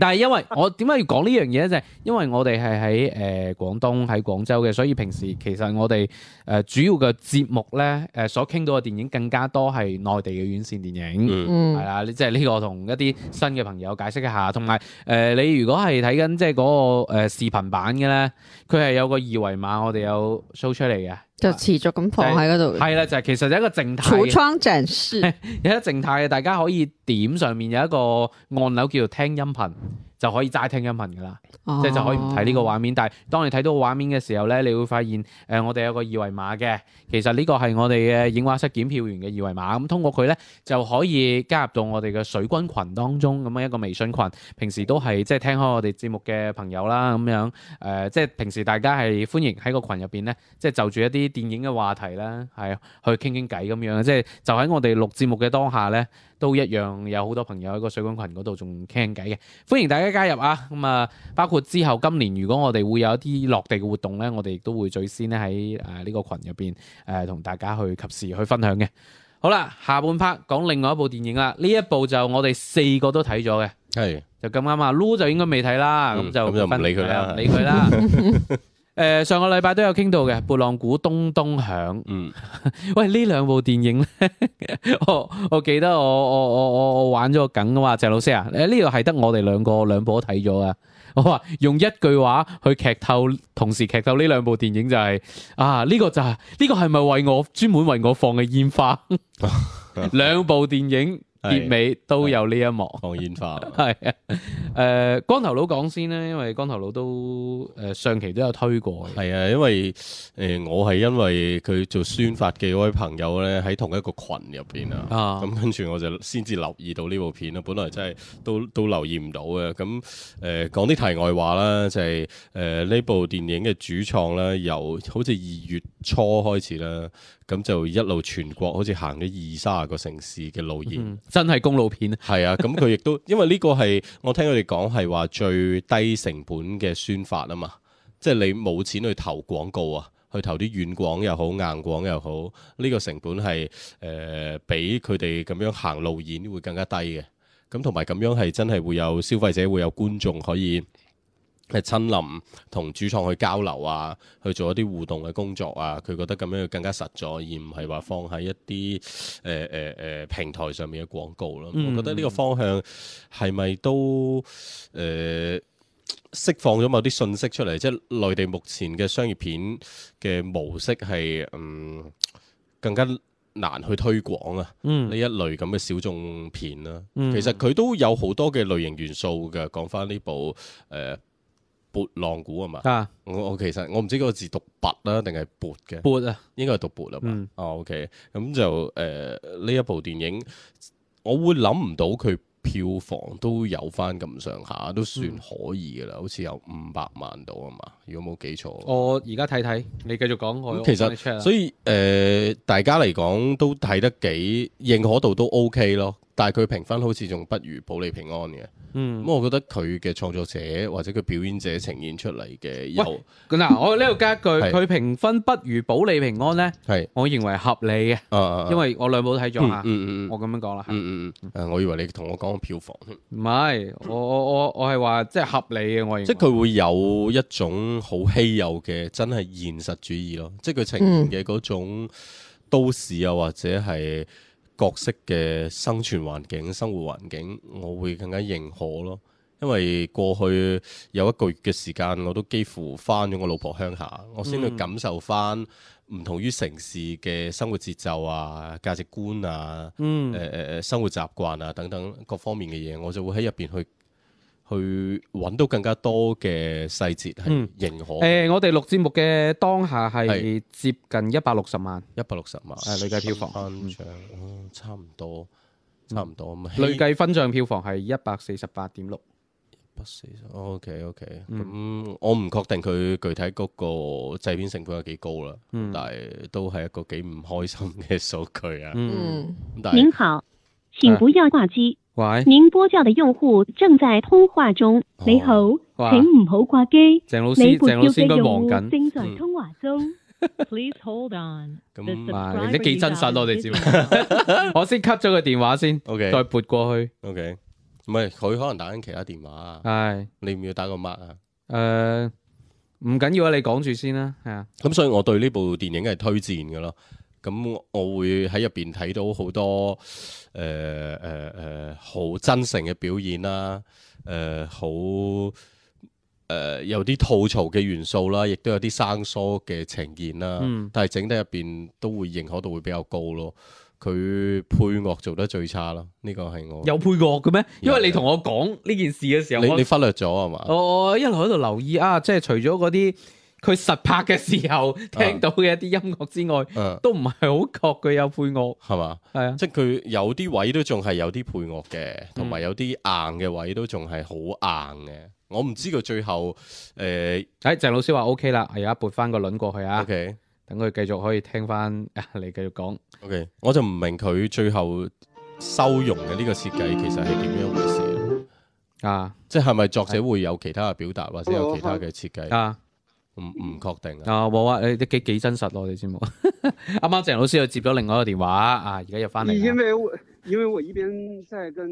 但係因，因為我點解要講呢樣嘢咧？就係因為我哋係喺誒廣東喺廣州嘅，所以平時其實我哋誒、呃、主要嘅節目咧，誒、呃、所傾到嘅電影更加多係內地嘅院線電影。係啦、嗯，即係呢個同一啲新嘅朋友解釋一下，同埋誒你如果係睇緊即係嗰、嗰個誒、呃、視頻版嘅咧，佢係有個二維碼，我哋有 show 出嚟嘅。就持續咁放喺嗰度。係啦、啊，就係、係就係、其實就一個靜態櫥窗展示，有一個靜態嘅， 大家可以點上面有一個按鈕叫做聽音頻。就可以齋聽音頻嘅啦，哦、即係就可以唔睇呢個畫面。但係當你睇到畫面嘅時候咧，你會發現誒、呃，我哋有個二維碼嘅，其實呢個係我哋嘅映畫室檢票員嘅二維碼。咁通過佢咧，就可以加入到我哋嘅水軍群當中咁樣一個微信群，平時都係即係聽開我哋節目嘅朋友啦，咁樣誒、呃，即係平時大家係歡迎喺個群入邊咧，即係就住一啲電影嘅話題啦，係去傾傾偈咁樣。即係就喺我哋錄節目嘅當下咧。都一樣有好多朋友喺個水管群嗰度仲傾偈嘅，歡迎大家加入啊！咁啊，包括之後今年如果我哋會有一啲落地嘅活動呢，我哋亦都會最先咧喺誒呢個群入邊誒同大家去及時去分享嘅。好啦，下半 part 講另外一部電影啦，呢一部就我哋四個都睇咗嘅，係是就咁啱啊！Loo 就應該未睇啦，咁、嗯、就唔、嗯嗯嗯嗯嗯、理佢啦，唔理佢啦。誒、呃，上個禮拜都有傾到嘅，撥浪鼓咚咚響。嗯、呃，喂，呢兩部電影咧， 我我記得我我我我玩咗個梗啊嘛，鄭老師啊，呢度係得我哋兩個兩部都睇咗啊。我 話用一句話去劇透，同時劇透呢兩部電影就係、是、啊，呢、這個就係、是、呢、這個係咪為我專門為我放嘅煙花？ 兩部電影。結尾都有呢一幕，黃燕發係啊。誒，光頭佬講先咧，因為光頭佬都誒上期都有推過嘅係啊。因為誒、呃、我係因為佢做宣發嘅嗰位朋友咧，喺同一個群入邊、嗯、啊，咁跟住我就先至留意到呢部片啊。本來真係都都留意唔到嘅。咁誒講啲題外話啦，就係誒呢部電影嘅主創咧，由好似二月初開始啦，咁就一路全國好似行咗二三十個城市嘅路演。嗯真係公路片咧，係 啊，咁佢亦都，因為呢個係我聽佢哋講係話最低成本嘅宣發啊嘛，即係你冇錢去投廣告啊，去投啲軟廣又好、硬廣又好，呢、這個成本係誒、呃、比佢哋咁樣行路演會更加低嘅，咁同埋咁樣係真係會有消費者、會有觀眾可以。係親臨同主創去交流啊，去做一啲互動嘅工作啊，佢覺得咁樣更加實在，而唔係話放喺一啲誒誒誒平台上面嘅廣告啦、啊。嗯、我覺得呢個方向係咪都誒、呃、釋放咗某啲信息出嚟？即係內地目前嘅商業片嘅模式係嗯更加難去推廣啊。呢、嗯、一類咁嘅小眾片啦、啊，嗯、其實佢都有好多嘅類型元素嘅。講翻呢部誒。呃撥浪鼓啊嘛，我我其實我唔知嗰個字讀拔啦定係撥嘅，撥啊，應該係讀撥啊嘛。嗯、哦，OK，咁就誒呢、呃、一部電影，我會諗唔到佢票房都有翻咁上下，都算可以噶啦，嗯、好似有五百萬到啊嘛。如果冇記錯，我而家睇睇，你繼續講我。其實所以誒、呃、大家嚟講都睇得幾認可度都 OK 咯。但係佢評分好似仲不如《保你平安》嘅，咁我覺得佢嘅創作者或者佢表演者呈現出嚟嘅。喂嗱，我呢度加一句，佢評分不如《保你平安》咧，係我認為合理嘅，因為我兩部都睇咗啦，我咁樣講啦，誒，我以為你同我講票房，唔係，我我我我係話即係合理嘅，我即係佢會有一種好稀有嘅真係現實主義咯，即係佢呈現嘅嗰種都市啊，或者係。角色嘅生存環境、生活環境，我會更加認可咯。因為過去有一個月嘅時間，我都幾乎翻咗我老婆鄉下，我先去感受翻唔同於城市嘅生活節奏啊、價值觀啊、誒誒誒生活習慣啊等等各方面嘅嘢，我就會喺入邊去。去揾到更加多嘅細節係認可。誒，我哋錄節目嘅當下係接近一百六十萬，一百六十萬係累計票房。分賬差唔多，差唔多咁啊！累計分賬票房係一百四十八點六。一百四十 O K O K。咁我唔確定佢具體嗰個製片成本有幾高啦，但係都係一個幾唔開心嘅數據啊。嗯。但係。您好，請不要掛機。喂，您撥叫嘅用戶正在通話中。你好，請唔好掛機。鄭老師，鄭老師應該忙緊。正在通話中。Please hold on。咁你都幾真實咯？我哋接。我先 cut 咗個電話先。OK，再撥過去。OK，唔係佢可能打緊其他電話啊。係。你唔要打個乜啊？誒，唔緊要啊，你講住先啦。係啊。咁所以我對呢部電影係推薦噶咯。咁我會喺入邊睇到好多誒誒誒好真誠嘅表演啦，誒好誒有啲吐槽嘅元素啦，亦都有啲生疏嘅呈現啦，嗯、但係整得入邊都會認可度會比較高咯。佢配樂做得最差咯，呢、這個係我有配樂嘅咩？因為你同我講呢件事嘅時候，你的我你忽略咗係嘛？我我一路喺度留意啊，即係除咗嗰啲。佢實拍嘅時候聽到嘅一啲音樂之外，啊啊、都唔係好覺佢有配樂，係嘛吧？係啊，即係佢有啲位都仲係有啲配樂嘅，同埋、嗯、有啲硬嘅位都仲係好硬嘅。嗯、我唔知佢最後誒誒、呃哎、鄭老師話 O K 啦，而家撥翻個輪過去啊。O Okay , K，等佢繼續可以聽翻、啊、你繼續講。O、okay, K，我就唔明佢最後收容嘅呢個設計其實係點樣回事、嗯、啊？即係係咪作者會有其他嘅表達，或者有其他嘅設計啊？啊。唔唔確定啊！冇啊、嗯，誒、哦，幾幾真實咯、啊，你知冇？啱啱鄭老師又接咗另外一個電話啊，而家又翻嚟。因為我因為我一邊在跟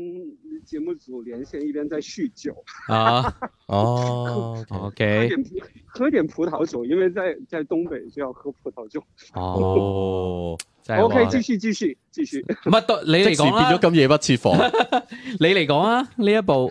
節目組連線，一邊在酗酒。啊，哦，OK， 喝點喝點葡萄酒，因為在在東北就要喝葡萄酒。哦 ，OK，繼續繼續繼續。乜都麼 你嚟講變咗咁夜不設防，你嚟講啊？呢、 啊、一部。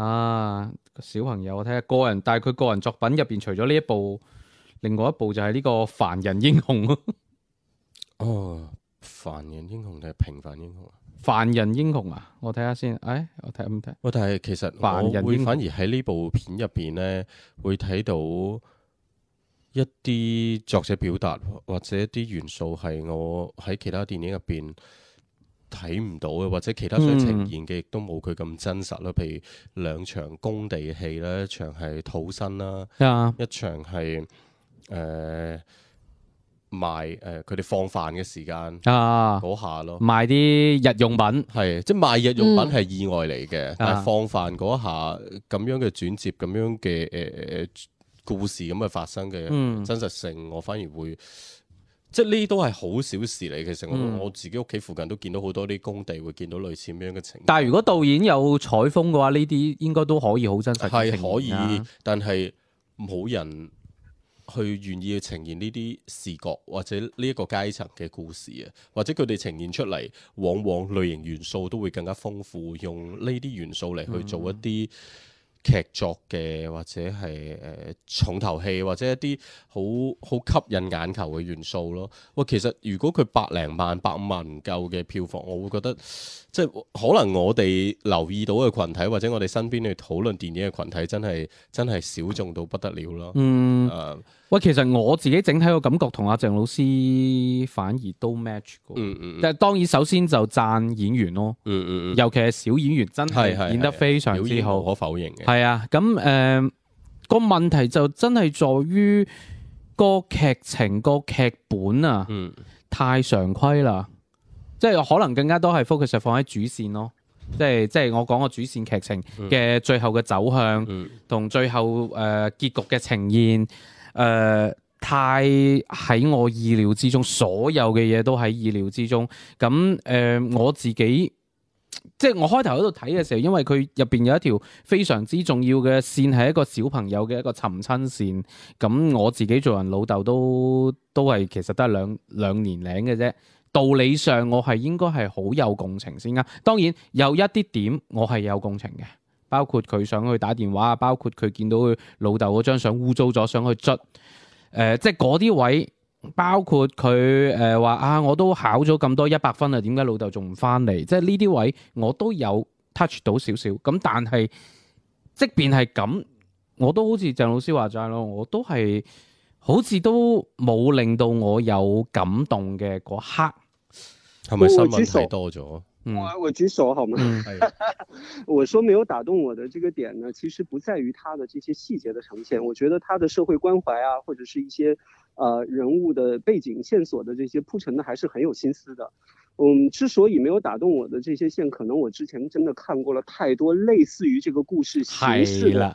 啊，小朋友，我睇下個人，但係佢個人作品入邊，除咗呢一部，另外一部就係呢個《凡人英雄》咯。 哦，《凡人英雄》定係《平凡英雄》啊？《凡人英雄》啊，我睇下先。哎，我睇唔睇？我、哦、但係其實，我會反而喺呢部片入邊咧，會睇到一啲作者表達或者一啲元素係我喺其他電影入邊。睇唔到嘅，或者其他想呈現嘅，亦都冇佢咁真實啦。嗯、譬如兩場工地嘅戲咧，一場係土生啦，啊、一場係誒、呃、賣誒佢哋放飯嘅時間啊嗰下咯，賣啲日用品係即係賣日用品係意外嚟嘅，嗯、但係放飯嗰下咁樣嘅轉接，咁樣嘅誒誒故事咁嘅發生嘅真實性，我反而會。嗯即係呢啲都係好小事嚟，其實我我自己屋企附近都見到好多啲工地，會見到類似咁樣嘅情況。但係如果導演有採風嘅話，呢啲應該都可以好真實嘅呈現。係可以，但係冇人去願意去呈現呢啲視覺或者呢一個階層嘅故事啊，或者佢哋呈現出嚟，往往類型元素都會更加豐富，用呢啲元素嚟去做一啲。嗯劇作嘅或者係誒、呃、重頭戲或者一啲好好吸引眼球嘅元素咯。哇、呃，其實如果佢百零萬百五萬唔夠嘅票房，我會覺得。即係可能我哋留意到嘅群體，或者我哋身邊去討論電影嘅群體，真係真係小眾到不得了咯。嗯，啊、嗯，喂，其實我自己整體個感覺同阿鄭老師反而都 match 過。嗯嗯。但係當然，首先就讚演員咯、嗯。嗯嗯，尤其係小演員真係演得非常之好，是是是是無可否認嘅。係啊，咁誒、呃那個問題就真係在於個劇情、那個劇本啊，嗯、太常規啦。即係可能更加多係 focus 放喺主線咯，即係即係我講個主線劇情嘅最後嘅走向，嗯、同最後誒、呃、結局嘅呈現誒、呃，太喺我意料之中，所有嘅嘢都喺意料之中。咁誒、呃，我自己即係我開頭喺度睇嘅時候，因為佢入邊有一條非常之重要嘅線，係一個小朋友嘅一個尋親線。咁我自己做人老豆都都係其實都係兩兩年零嘅啫。道理上我係應該係好有共情先啱，當然有一啲點我係有共情嘅，包括佢想去打電話啊，包括佢見到佢老豆嗰張相污糟咗想去捽、呃，即係嗰啲位，包括佢誒話啊，我都考咗咁多一百分啦，點解老豆仲唔返嚟？即係呢啲位我都有 touch 到少少，咁但係即便係咁，我都好似鄭老師話齋咯，我都係。好似都冇令到我有感動嘅嗰刻，係咪新聞睇多咗？我係回主好係咪？嗯嗯、 我說沒有打動我的這個點呢，其實不在於它的這些細節的呈現。我覺得它的社會關懷啊，或者是一些呃人物的背景線索的這些鋪陳的，還是很有心思的。嗯，之所以沒有打動我的這些線，可能我之前真的看過了太多類似於這個故事形式了。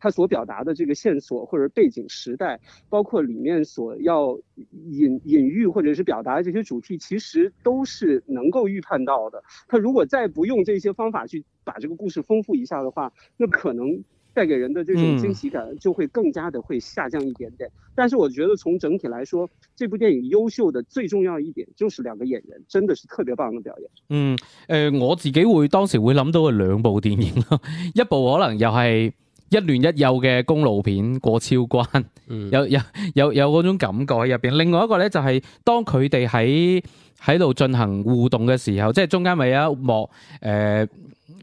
他所表達的這個線索或者背景時代，包括裡面所要隱隱喻或者是表達的這些主題，其實都是能夠預判到的。他如果再不用這些方法去把這個故事豐富一下的話，那可能帶給人的這種驚喜感就會更加的會下降一點點。但是我覺得從整體來說，這部電影優秀的最重要一點就是兩個演員真的是特別棒的表演。嗯，誒、呃，我自己會當時會諗到嘅兩部電影 一部可能又係。一老一幼嘅公路片，過超關，有嗰種感覺喺入面。另外一個呢，就係，當佢哋喺度進行互動嘅時候，即係中間咪有一幕，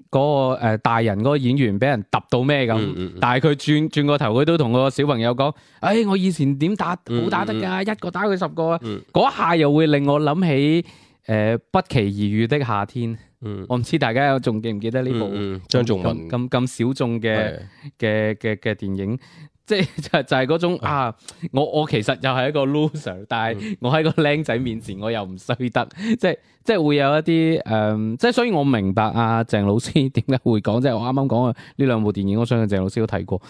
嗰個大人嗰個演員俾人揼到咩咁，但係佢轉轉個頭，佢都同個小朋友講，誒，我以前點打好打得㗎，一個打佢十個 有,有,有,即係中間咪有一幕嗯嗯嗯嗯嗯嗯嗰下又會令我諗起誒、呃，不期而遇的夏天，嗯、我唔知大家有仲記唔記得呢部張仲文咁咁小眾嘅嘅嘅嘅電影，即 係就是、就係、是、嗰種啊，啊我我其實又係一個 loser，但係我喺個靚仔面前我又唔衰得，即係即係會有一啲誒，即、嗯、係、就是、所以我明白阿、啊、鄭老師點解會講，即、就、係、是、我啱啱講嘅呢兩部電影，我相信鄭老師都睇過，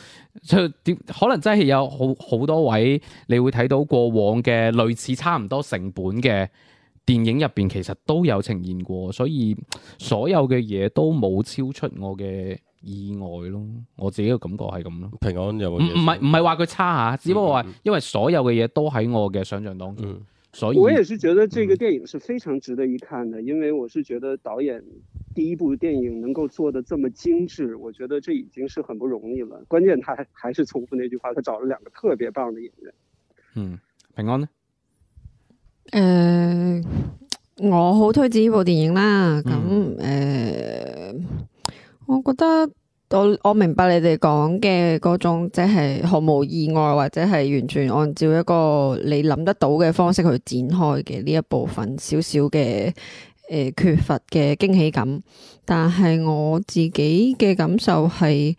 所以點可能真係有好好多位你會睇到過往嘅類似差唔多成本嘅。電影入邊其實都有呈現過，所以所有嘅嘢都冇超出我嘅意外咯。我自己嘅感覺係咁咯。平安有冇嘢？唔係唔係話佢差啊，嗯、只不過話因為所有嘅嘢都喺我嘅想象當中，嗯、所以我也是覺得這個電影是非常值得一看嘅，因為我是覺得導演第一部電影能夠做得這麼精緻，我覺得這已經是很不容易了。關鍵他還是重複那句話，他找了兩個特別棒的演員。嗯，平安呢？誒、呃，我好推薦呢部電影啦。咁、呃、誒，嗯、我覺得我我明白你哋講嘅嗰種，即係毫無意外或者係完全按照一個你諗得到嘅方式去展開嘅呢一部分，少少嘅誒缺乏嘅驚喜感。但係我自己嘅感受係，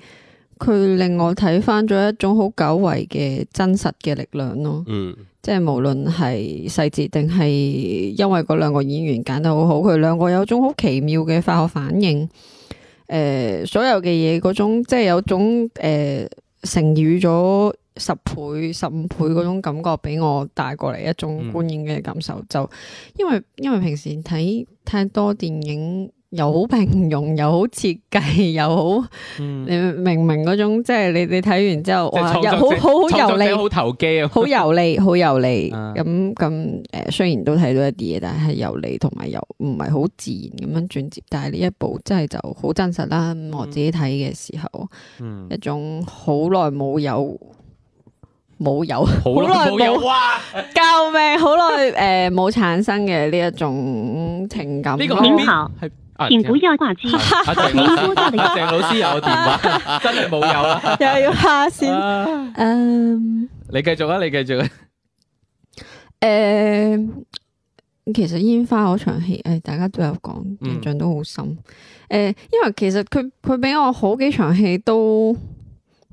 佢令我睇翻咗一種好久違嘅真實嘅力量咯。嗯。即係無論係細節定係，因為嗰兩個演員揀得好好，佢兩個有種好奇妙嘅化學反應。誒、呃，所有嘅嘢嗰種即係有種誒、呃，成語咗十倍、十五倍嗰種感覺，俾我帶過嚟一種觀影嘅感受。就因為因為平時睇太多電影。又好平庸，又好設計，又好，嗯，你明唔明嗰種即係你你睇完之後，哇，又好好好油膩，好投機啊，好油膩，好油膩。咁咁誒，雖然都睇到一啲嘢，但係油膩同埋又唔係好自然咁樣轉接。但係呢一部真係就好真實啦。我自己睇嘅時候，嗯、一種好耐冇有冇有好耐冇，冇有啊、 救命！好耐誒冇產生嘅呢一種情感，呢個邊請不要掛機。鄭、啊啊、老師有電話，真係冇有啊？有啊又要蝦先？嗯、啊 um,，你繼續啊！你繼續啊！誒，其實煙花嗰場戲，誒，大家有都有講，印象都好深。誒、嗯，因為其實佢佢俾我好幾場戲都。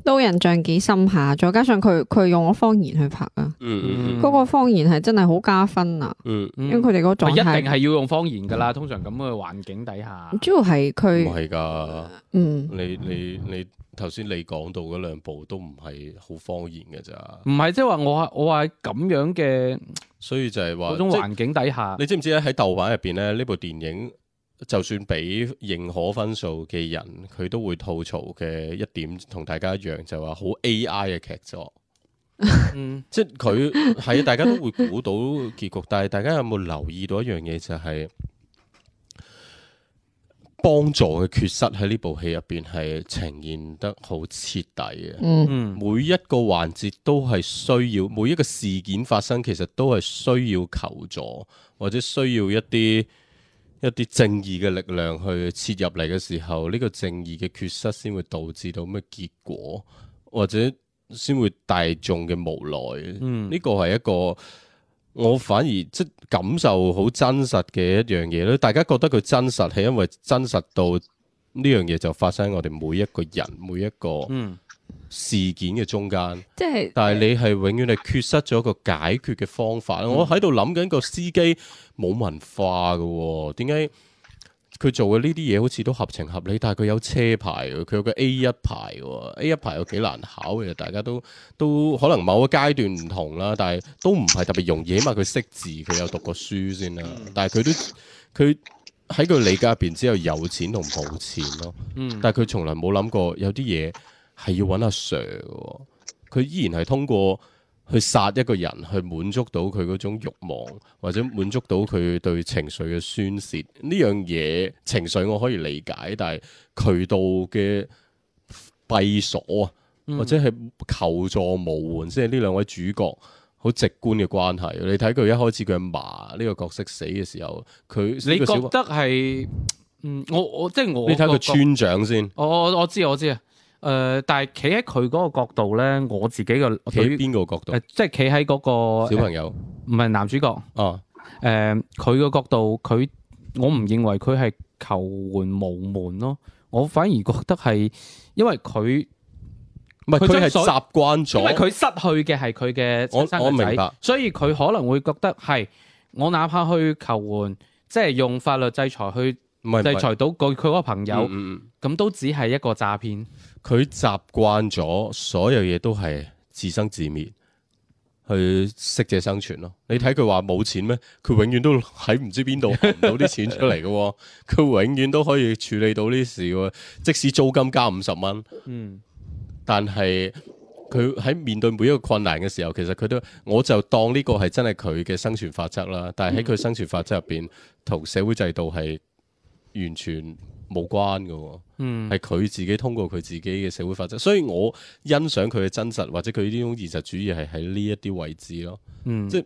都印象幾深下，再加上佢佢用咗方言去拍啊、嗯，嗯嗯嗯，嗰個方言係真係好加分啊、嗯，嗯，因為佢哋嗰種係一定係要用方言噶啦，通常咁嘅環境底下，主要係佢唔係噶，嗯，你你你頭先你講到嗰兩部都唔係好方言噶咋，唔係即係話我我話係咁樣嘅，所以就係話種環境底下，你知唔知咧喺豆瓣入邊咧呢部電影？就算俾認可分數嘅人，佢都會吐槽嘅一點同大家一樣，就話好 AI 嘅劇作，嗯 即係佢係大家都會估到結局，但係大家有冇留意到一樣嘢就係幫助嘅缺失喺呢部戲入邊係呈現得好徹底嘅， 每一個環節都係需要，每一個事件發生其實都係需要求助或者需要一啲。一啲正義嘅力量去切入嚟嘅時候，呢個正義嘅缺失先會導致到咩結果，或者先會大眾嘅無奈。嗯，呢個係一個我反而即感受好真實嘅一樣嘢咧。大家覺得佢真實係因為真實到呢樣嘢就發生喺我哋每一個人每一個。嗯。事件嘅中間，即係，但係你係永遠係缺失咗一個解決嘅方法。嗯、我喺度諗緊個司機冇文化嘅，點解佢做嘅呢啲嘢好似都合情合理？但係佢有車牌，佢有個 A 一牌，A 一牌有幾難考嘅。大家都都可能某個階段唔同啦，但係都唔係特別容易。起碼佢識字，佢有讀過書先啦。但係佢都佢喺佢理解入邊只有有錢同冇錢咯。嗯、但係佢從來冇諗過有啲嘢。係要揾阿 Sir，佢依然係通過去殺一個人去滿足到佢嗰種欲望，或者滿足到佢對情緒嘅宣洩。呢樣嘢情緒我可以理解，但係渠道嘅閉鎖啊，或者係求助無援，嗯、即係呢兩位主角好直觀嘅關係。你睇佢一開始佢阿媽呢個角色死嘅時候，佢你覺得係嗯，我我即係我你睇佢村長先，我我，我，我知我知啊。誒、呃，但係企喺佢嗰個角度咧，我自己嘅企邊個角度？即係企喺嗰個小朋友，唔係、呃、男主角。哦，誒、呃，佢嘅角度，佢我唔認為佢係求援無門咯。我反而覺得係，因為佢唔係佢係習慣咗，因為佢失去嘅係佢嘅親生嘅仔，所以佢可能會覺得係，我哪怕去求援，即係用法律制裁去。制裁到佢，佢嗰個朋友，咁、嗯、都只係一個詐騙。佢習慣咗所有嘢都係自生自滅，去適者生存咯。你睇佢話冇錢咩？佢永遠都喺唔知邊度攞唔到啲錢出嚟嘅。佢 永遠都可以處理到呢事。即使租金加五十蚊，嗯，但係佢喺面對每一個困難嘅時候，其實佢都，我就當呢個係真係佢嘅生存法則啦。但係喺佢生存法則入邊，同、嗯、社會制度係。完全無關嘅，係佢、嗯、自己通過佢自己嘅社會發展，所以我欣賞佢嘅真實或者佢呢種現實主義係喺呢一啲位置咯。嗯、即係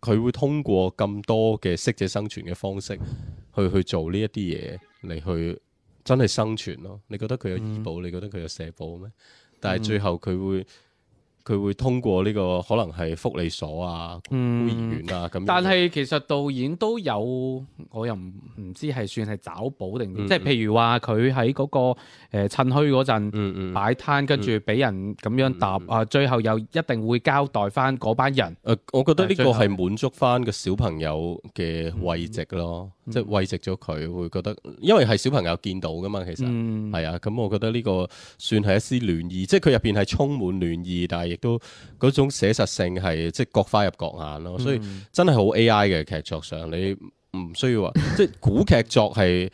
佢會通過咁多嘅適者生存嘅方式去去做呢一啲嘢嚟去真係生存咯。你覺得佢有醫保？嗯、你覺得佢有社保咩？但係最後佢會。佢會通過呢個可能係福利所啊、孤兒院啊咁樣。但係其實導演都有，我又唔唔知係算係找補定點。嗯、即係譬如話佢喺嗰個誒趁、呃、墟嗰陣擺攤，跟住俾人咁樣答，啊、嗯，嗯嗯、最後又一定會交代翻嗰班人。誒、呃，我覺得呢個係滿足翻個小朋友嘅慰藉咯。嗯嗯嗯即係慰藉咗佢，會覺得，因為係小朋友見到噶嘛，其實係、嗯、啊，咁我覺得呢個算係一絲暖意，即係佢入邊係充滿暖意，但係亦都嗰種寫實性係即係各花入各眼咯。嗯、所以真係好 A I 嘅劇作上，你唔需要話，即係古劇作係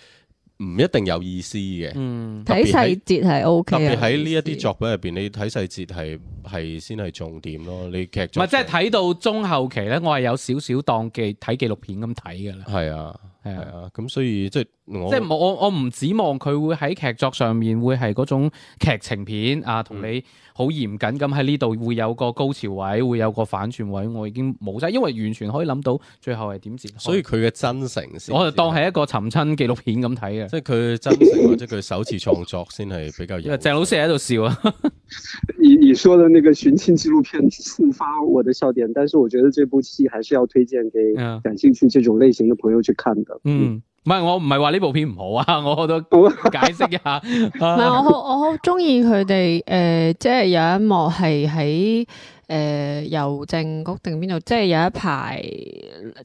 唔一定有意思嘅。睇、嗯、細節係 O K。特別喺呢一啲作品入邊，你睇細節係係先係重點咯。你劇唔係不即係睇到中後期咧，我係有少少當記睇紀錄片咁睇㗎啦。係的啊。係啊，咁所以即係我即係我我唔指望佢會喺劇作上面會係嗰種劇情片啊，同你好嚴謹咁喺呢度會有個高潮位，會有個反轉位，我已經冇晒，因為完全可以諗到最後係點結。所以佢嘅真誠，我就當係一個尋親紀錄片咁睇嘅。即係佢真誠或者佢首次創作先係比較 鄭老師喺度笑啊。 你你說的那個尋親紀錄片觸發我的笑點，但是我覺得這部戲還是要推薦給感興趣這種類型的朋友去看的。嗯，唔係我唔係話呢部片唔好啊，我都解釋一下。唔、啊、係 我好我好中意佢哋誒，即係有一幕係喺誒郵政局定邊度，即係有一排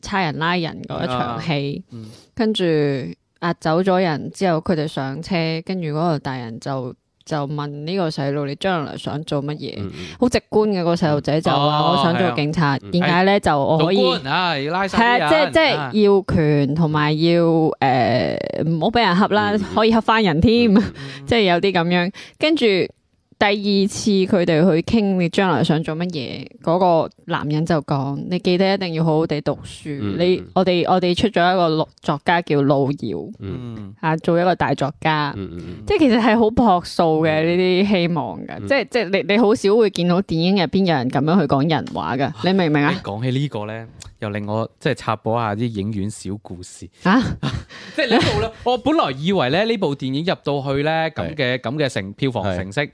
差人拉人嗰一場戲，跟住壓走咗人之後，佢哋上車，跟住嗰個大人就。就問呢個細路，你將來想做乜嘢？好、嗯、直觀嘅、嘅個細路仔就話：嗯哦、我想做警察。點解咧？呢欸、就我可以，啊、要拉係、啊、即即要權同埋要誒，唔好俾人恰啦，嗯、可以恰翻人添，即係有啲咁樣。跟住。第二次佢哋去傾你將來想做乜嘢，嗰個男人就講：你記得一定要好好地讀書。嗯嗯你我哋我哋出咗一個作家叫路遙，嚇，嗯嗯、做一個大作家，嗯嗯即係其實係好樸素嘅呢啲希望嘅，嗯嗯即係即係你你好少會見到電影入邊有人咁樣去講人話嘅，你明唔明啊？講起呢個呢，又令我即係插播下啲影院小故事啊！即係呢部咧， 我本來以為咧呢部電影入到去咧，咁嘅咁嘅成票房成績，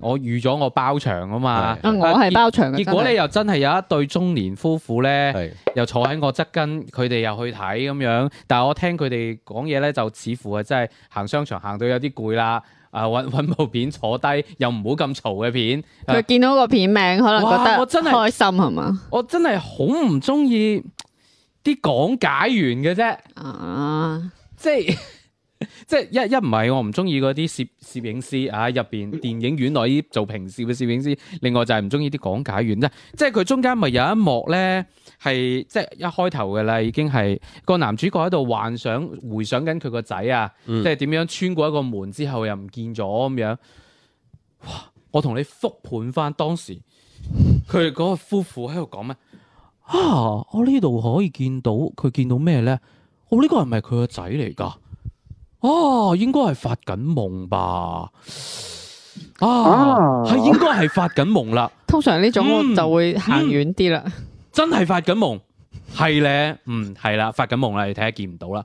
我預咗我包場啊嘛。是結我係包場。結果咧又真係有一對中年夫婦咧，是又坐喺我側跟，佢哋又去睇咁樣。但我聽佢哋講嘢咧，就似乎係，真係行商場行到有啲攰啦。啊，揾揾部片坐低又唔好咁嘈嘅片。佢見到個片名，可能覺得我真係開心係嘛？我真係好唔中意。啲講解員嘅啫、啊，啊，即係即係一一唔係我唔中意嗰啲攝攝影師啊，入邊電影院內啲做平視嘅攝影師，另外就係唔中意啲講解員啫。即係佢中間咪有一幕咧，係即係一開頭嘅啦，已經係個男主角喺度幻想回想緊佢個仔啊，嗯、即係點樣穿過一個門之後又唔見咗咁樣。哇！我同你復盤翻當時佢哋嗰個夫婦喺度講咩？啊！我呢度可以見到佢見到咩咧？哦，呢個係咪佢個仔嚟噶？啊，應該係發緊夢吧？啊，係、啊、應該係發緊夢啦。通常呢種就會行遠啲啦。真係發緊夢，係咧，嗯，係啦，發緊夢啦，你睇下見唔到啦。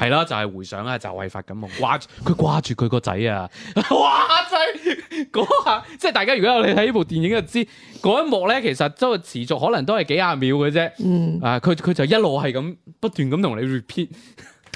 係啦，就係回想啊，就係發緊夢，掛住佢掛住佢個仔啊！哇，真係嗰下，即係大家如果有你睇呢部電影就知嗰一幕咧，其實都持續可能都係幾廿秒嘅啫。嗯，啊，佢佢就一路係咁不斷咁同你 repeat。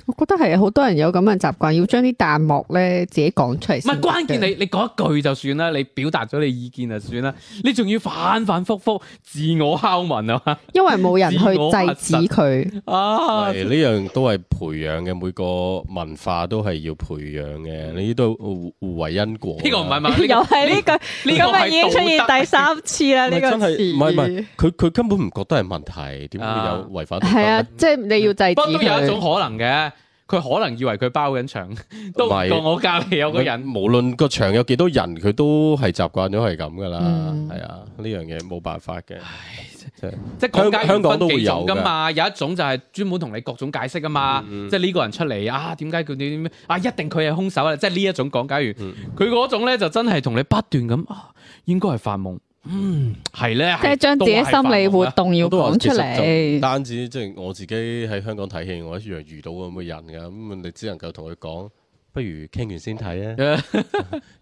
我覺得係好多人有咁嘅習慣，要將啲彈幕咧自己講出嚟。唔係關鍵，你你講一句就算啦，你表達咗你意見就算啦，你仲要反反复覆自我拷問啊，因為冇人去制止佢。啊，呢樣都係培養嘅，每個文化都係要培養嘅，你都互互為因果。呢個唔係嘛？又係呢句，呢個今日已經出現第三次啦。呢個事唔係唔係，佢佢根本唔覺得係問題，點會有違法？係啊，即係你要制止佢。都有一種可能嘅。佢可能以為佢包緊場，都唔覺我隔籬有個人。無論個場有幾多人，佢都係習慣咗係咁噶啦。係、嗯、啊，呢樣嘢冇辦法嘅。唉即係，即係是，香港鄉香港都會有噶嘛。有一種就係專門同你各種解釋噶嘛。嗯嗯即係呢個人出嚟啊，點解佢點點咩啊？一定佢係凶手啊！即係呢一種講解員。佢嗰、嗯、種咧就真係同你不斷咁啊，應該係發夢。嗯，係咧呢，即係將自己心理活動要講出嚟，單止即係、就是、我自己喺香港睇戲，我一樣遇到咁嘅人噶，咁你只能夠同佢講，不如傾完先睇 啊。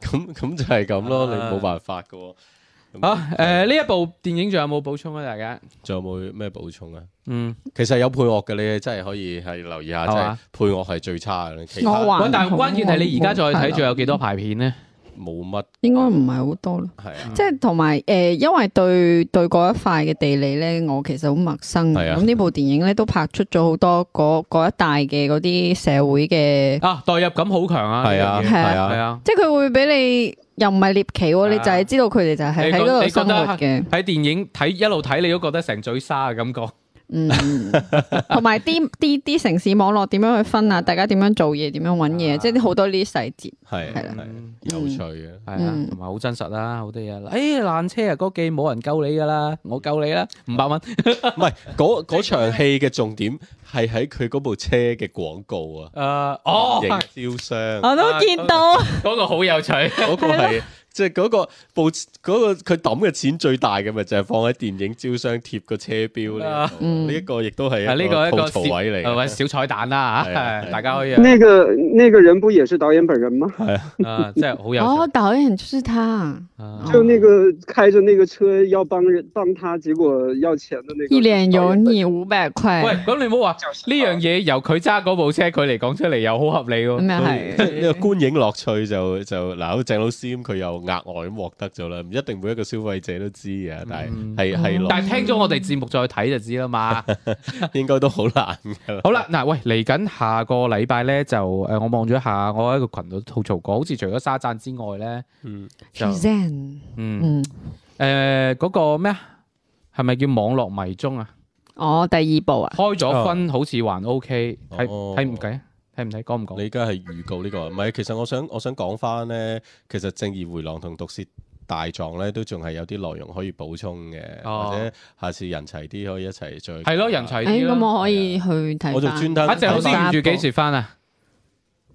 咁咁就係咁咯，你冇辦法噶。啊，誒，呢、呃、是一部電影仲有冇補充啊？大家仲有冇咩補充啊？嗯，其實有配樂嘅你真係可以係留意下，即係、啊、配樂係最差嘅。其實，但係關鍵係你而家再睇，仲有幾多排片咧？嗯冇乜，應該唔係好多咯。係啊，即係同埋誒，因為對對嗰一塊嘅地理咧，我其實好陌生嘅。咁呢部電影咧，都拍出咗好多嗰一帶嘅嗰啲社會嘅啊，代入感好強啊，係啊，係啊，啊啊即係佢會俾你又唔係獵奇，你就係知道佢哋就係喺度生活嘅。喺電影睇一路睇，你都覺得成嘴沙嘅感覺。嗯，同埋啲啲啲城市網絡點樣去分啊？大家點樣做嘢？點樣揾嘢？啊、即係啲好多呢啲細節。係係啦，嗯、有趣嘅，係啦，同埋好真實啦，好多嘢。誒、哎，爛車啊，嗰記冇人救你噶啦，我救你啦，五百蚊。唔係，嗰嗰場戲嘅重點係喺佢嗰部車嘅廣告啊。誒、呃，哦，營銷商，我都見到。嗰、啊嗰個好、嗰個、有趣，嗰個係。即係嗰個部個佢抌嘅錢最大嘅咪就係放喺電影招商貼個車標咧，呢一個亦都係一個鋪槽位嚟，係咪小彩蛋啦吓？大家可以。那個那個人不也是導演本人嗎？係啊，即係好有。哦，導演就是他，就那個開着那個車要幫人幫他，結果要錢的那個，一臉油膩五百塊。喂，咁你唔好話呢樣嘢由佢揸嗰部車，佢嚟講出嚟又好合理喎。咩係？呢個觀影樂趣就就嗱，好似鄭老師咁，佢又。額外咁獲得咗啦，唔一定每一個消費者都知啊，但係係係。但係聽咗我哋節目再睇就知啦嘛， 應該都好難㗎喇。 好啦，嗱喂，嚟緊下，下個禮拜咧就誒、呃，我望咗一下，我喺個群度吐槽過，好似除咗沙贊之外咧，嗯，沙贊就，嗯嗯，誒嗰、嗯呃那個咩啊，係咪叫網絡迷蹤啊？哦，第二部啊，開咗分、哦、好似還 OK，睇唔睇唔計。睇唔睇？講唔講？說說你而家係預告呢、這個？唔係，其實我想我想講翻咧，其實《正義回廊》同《毒舌大狀》咧都仲係有啲內容可以補充嘅，哦、或者下次人齊啲可以一齊再。係咯，人齊啲，咁、哎、我可以去睇。的我就專登。鄭、啊、老師預住幾時翻啊？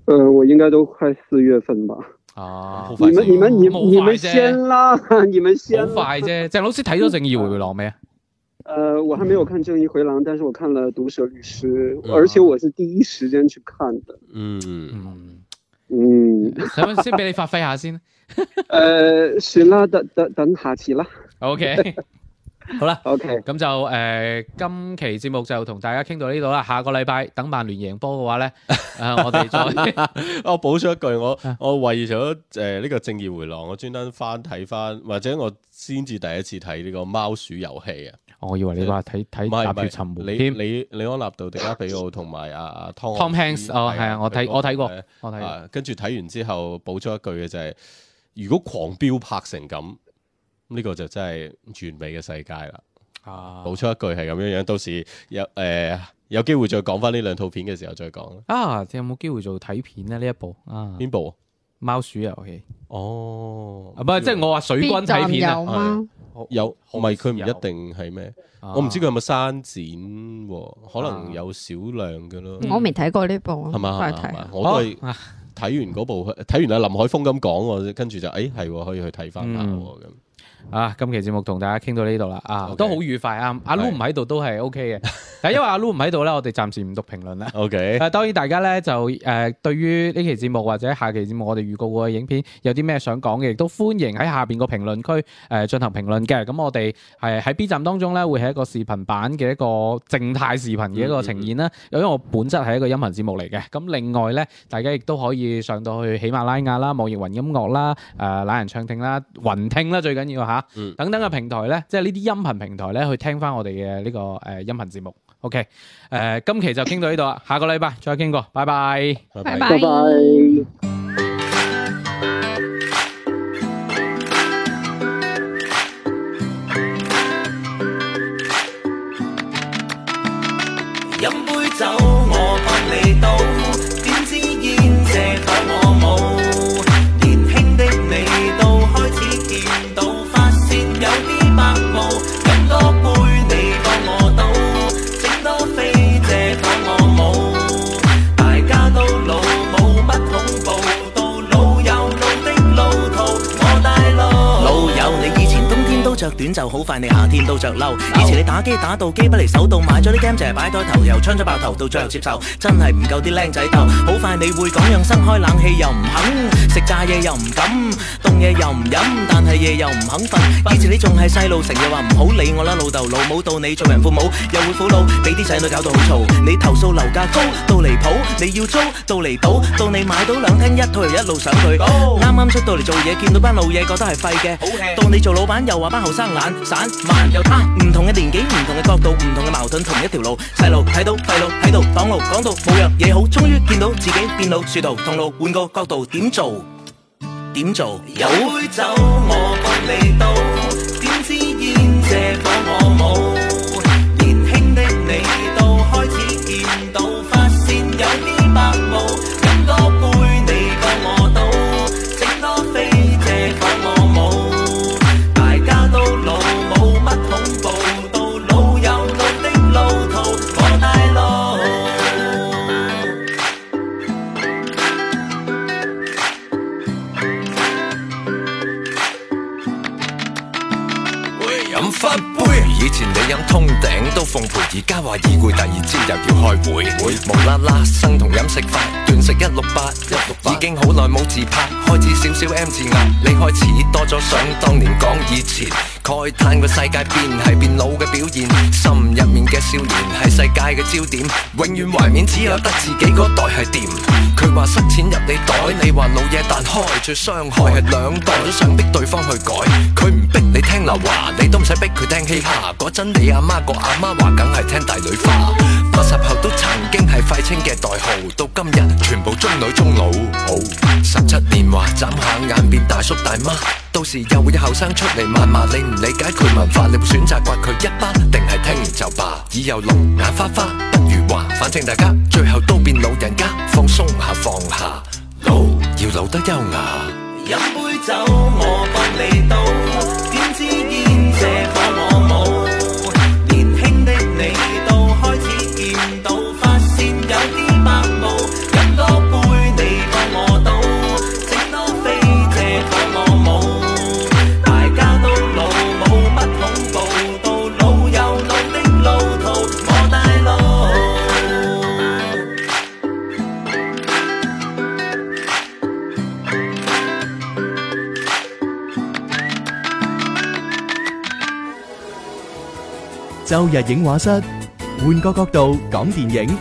誒、呃，我應該都快四月份吧。啊，好快你。你們你你先啦，你們先。好快啫！鄭老師睇咗《正義回廊》未呀？誒、呃，我還沒有看《正義回廊》，但是我看了《毒舌律師》，而且我是第一時間去看的。嗯嗯，咁、嗯嗯、先俾你發揮下先。誒、 呃，算啦，等等等下次啦。O K，好啦，O K，咁就誒、呃，今期節目就同大家傾到呢度啦。下個禮拜等曼聯贏波嘅話咧，誒、 呃，我哋再。 我補充一句，我我為咗誒呢個《正義回廊》，我專登翻睇翻，或者我先至第一次睇呢個貓鼠遊戲《貓鼠遊戲》啊。我以為你話，睇睇《隔絕沉悶》？你你你安納度迪加比奧同埋阿阿湯湯漢斯？哦，係啊，我睇我睇過。跟住睇完之後補充一句嘅就係，如果狂飆拍成咁，呢個就真係完美嘅世界啦。補充一句係咁樣樣，到時有誒有機會再講翻呢兩套片嘅時候再講啊。你有冇機會做睇片呢？呢一部啊，邊部？貓鼠遊戲哦，唔係即係我話水軍睇片啊，有唔係佢唔一定係咩？我唔知佢有冇刪剪，可能有少量嘅咯。我未睇過呢部，係咪，我都係睇完嗰部，睇完阿林海峰咁講，跟住就誒係可以去睇翻下咁。啊，今期節目同大家傾到呢度啦，啊，Okay. 都好愉快啊。是阿 Lu 唔喺度都係 O K 嘅， 但因為阿 Lu 唔喺度咧，我哋暫時唔讀評論啦。O Okay . K、啊、當然大家咧就誒、呃，對於呢期節目或者下期節目我哋預告過嘅影片有啲咩想講嘅，亦都歡迎喺下邊個評論區誒、呃、進行評論嘅。咁我哋係喺 B 站當中咧會係一個視頻版嘅一個靜態視頻嘅一個呈現啦。由、嗯、因我本質係一個音頻節目嚟嘅，咁另外咧大家亦都可以上到去喜馬拉，拉雅啦、網易雲音樂啦、誒、呃、懶人唱聽啦、雲聽啦，最緊要吓，等等嘅平台咧，即係呢啲音頻平台咧，去聽翻我哋嘅呢個誒音頻節目。OK，誒，今期就傾到呢度啦，下個禮拜再傾過，拜拜，拜拜，拜拜。着短袖好快你夏天都着褸，以前你打機打到機不離手，到買咗啲 game 就係擺袋頭，又槍咗爆頭到最後接受，真係唔夠啲靚仔鬥，好快你會咁樣生開冷氣又唔肯，食炸嘢又唔敢，凍嘢又唔飲，但係夜又唔肯瞓，以前你仲係細路，成日話唔好理我啦，老豆老母到你做人父母又會苦惱，俾啲仔女搞到好嘈，你投訴樓價高到離譜，你要租到離島，到你買到兩廳一套又一路守嘴，啱啱出到嚟做嘢見到班老嘢覺得係廢嘅，到你做老闆又話班後生懶散慢又他，唔、啊、同嘅年紀，唔同嘅角度，唔同嘅矛盾，同一條路。細路睇到，細路睇到，當路講到冇樣嘢好，終於見到自己變老，殊途同路，換個角度點做，點做，點做有杯酒我。小 M 字眼，你開始多咗想當年講以前，慨嘆個世界變係變老嘅表現，心入面嘅少年係世界嘅焦點，永遠懷緬只有得自己嗰代係掂。佢話塞錢入你袋，你話老嘢，但開住傷害係兩代。都想逼對方去改，佢唔逼你聽劉華，你都唔使逼佢聽嘻哈。嗰陣你阿媽個阿媽話，梗係聽大女花。八十後都曾經係廢青嘅代號，到今日全部中女中老。十七年華眨下眼變大叔大媽，到時又會有後生出嚟謾罵你唔理解佢文化，你會選擇刮佢一巴定係聽完就罷？耳又聾眼花花不如話，反正大家最後都變老人家，放鬆下放下，老要老得優雅，飲杯酒我幫你倒，點知煙斜。周日影畫室，換個角度講電影。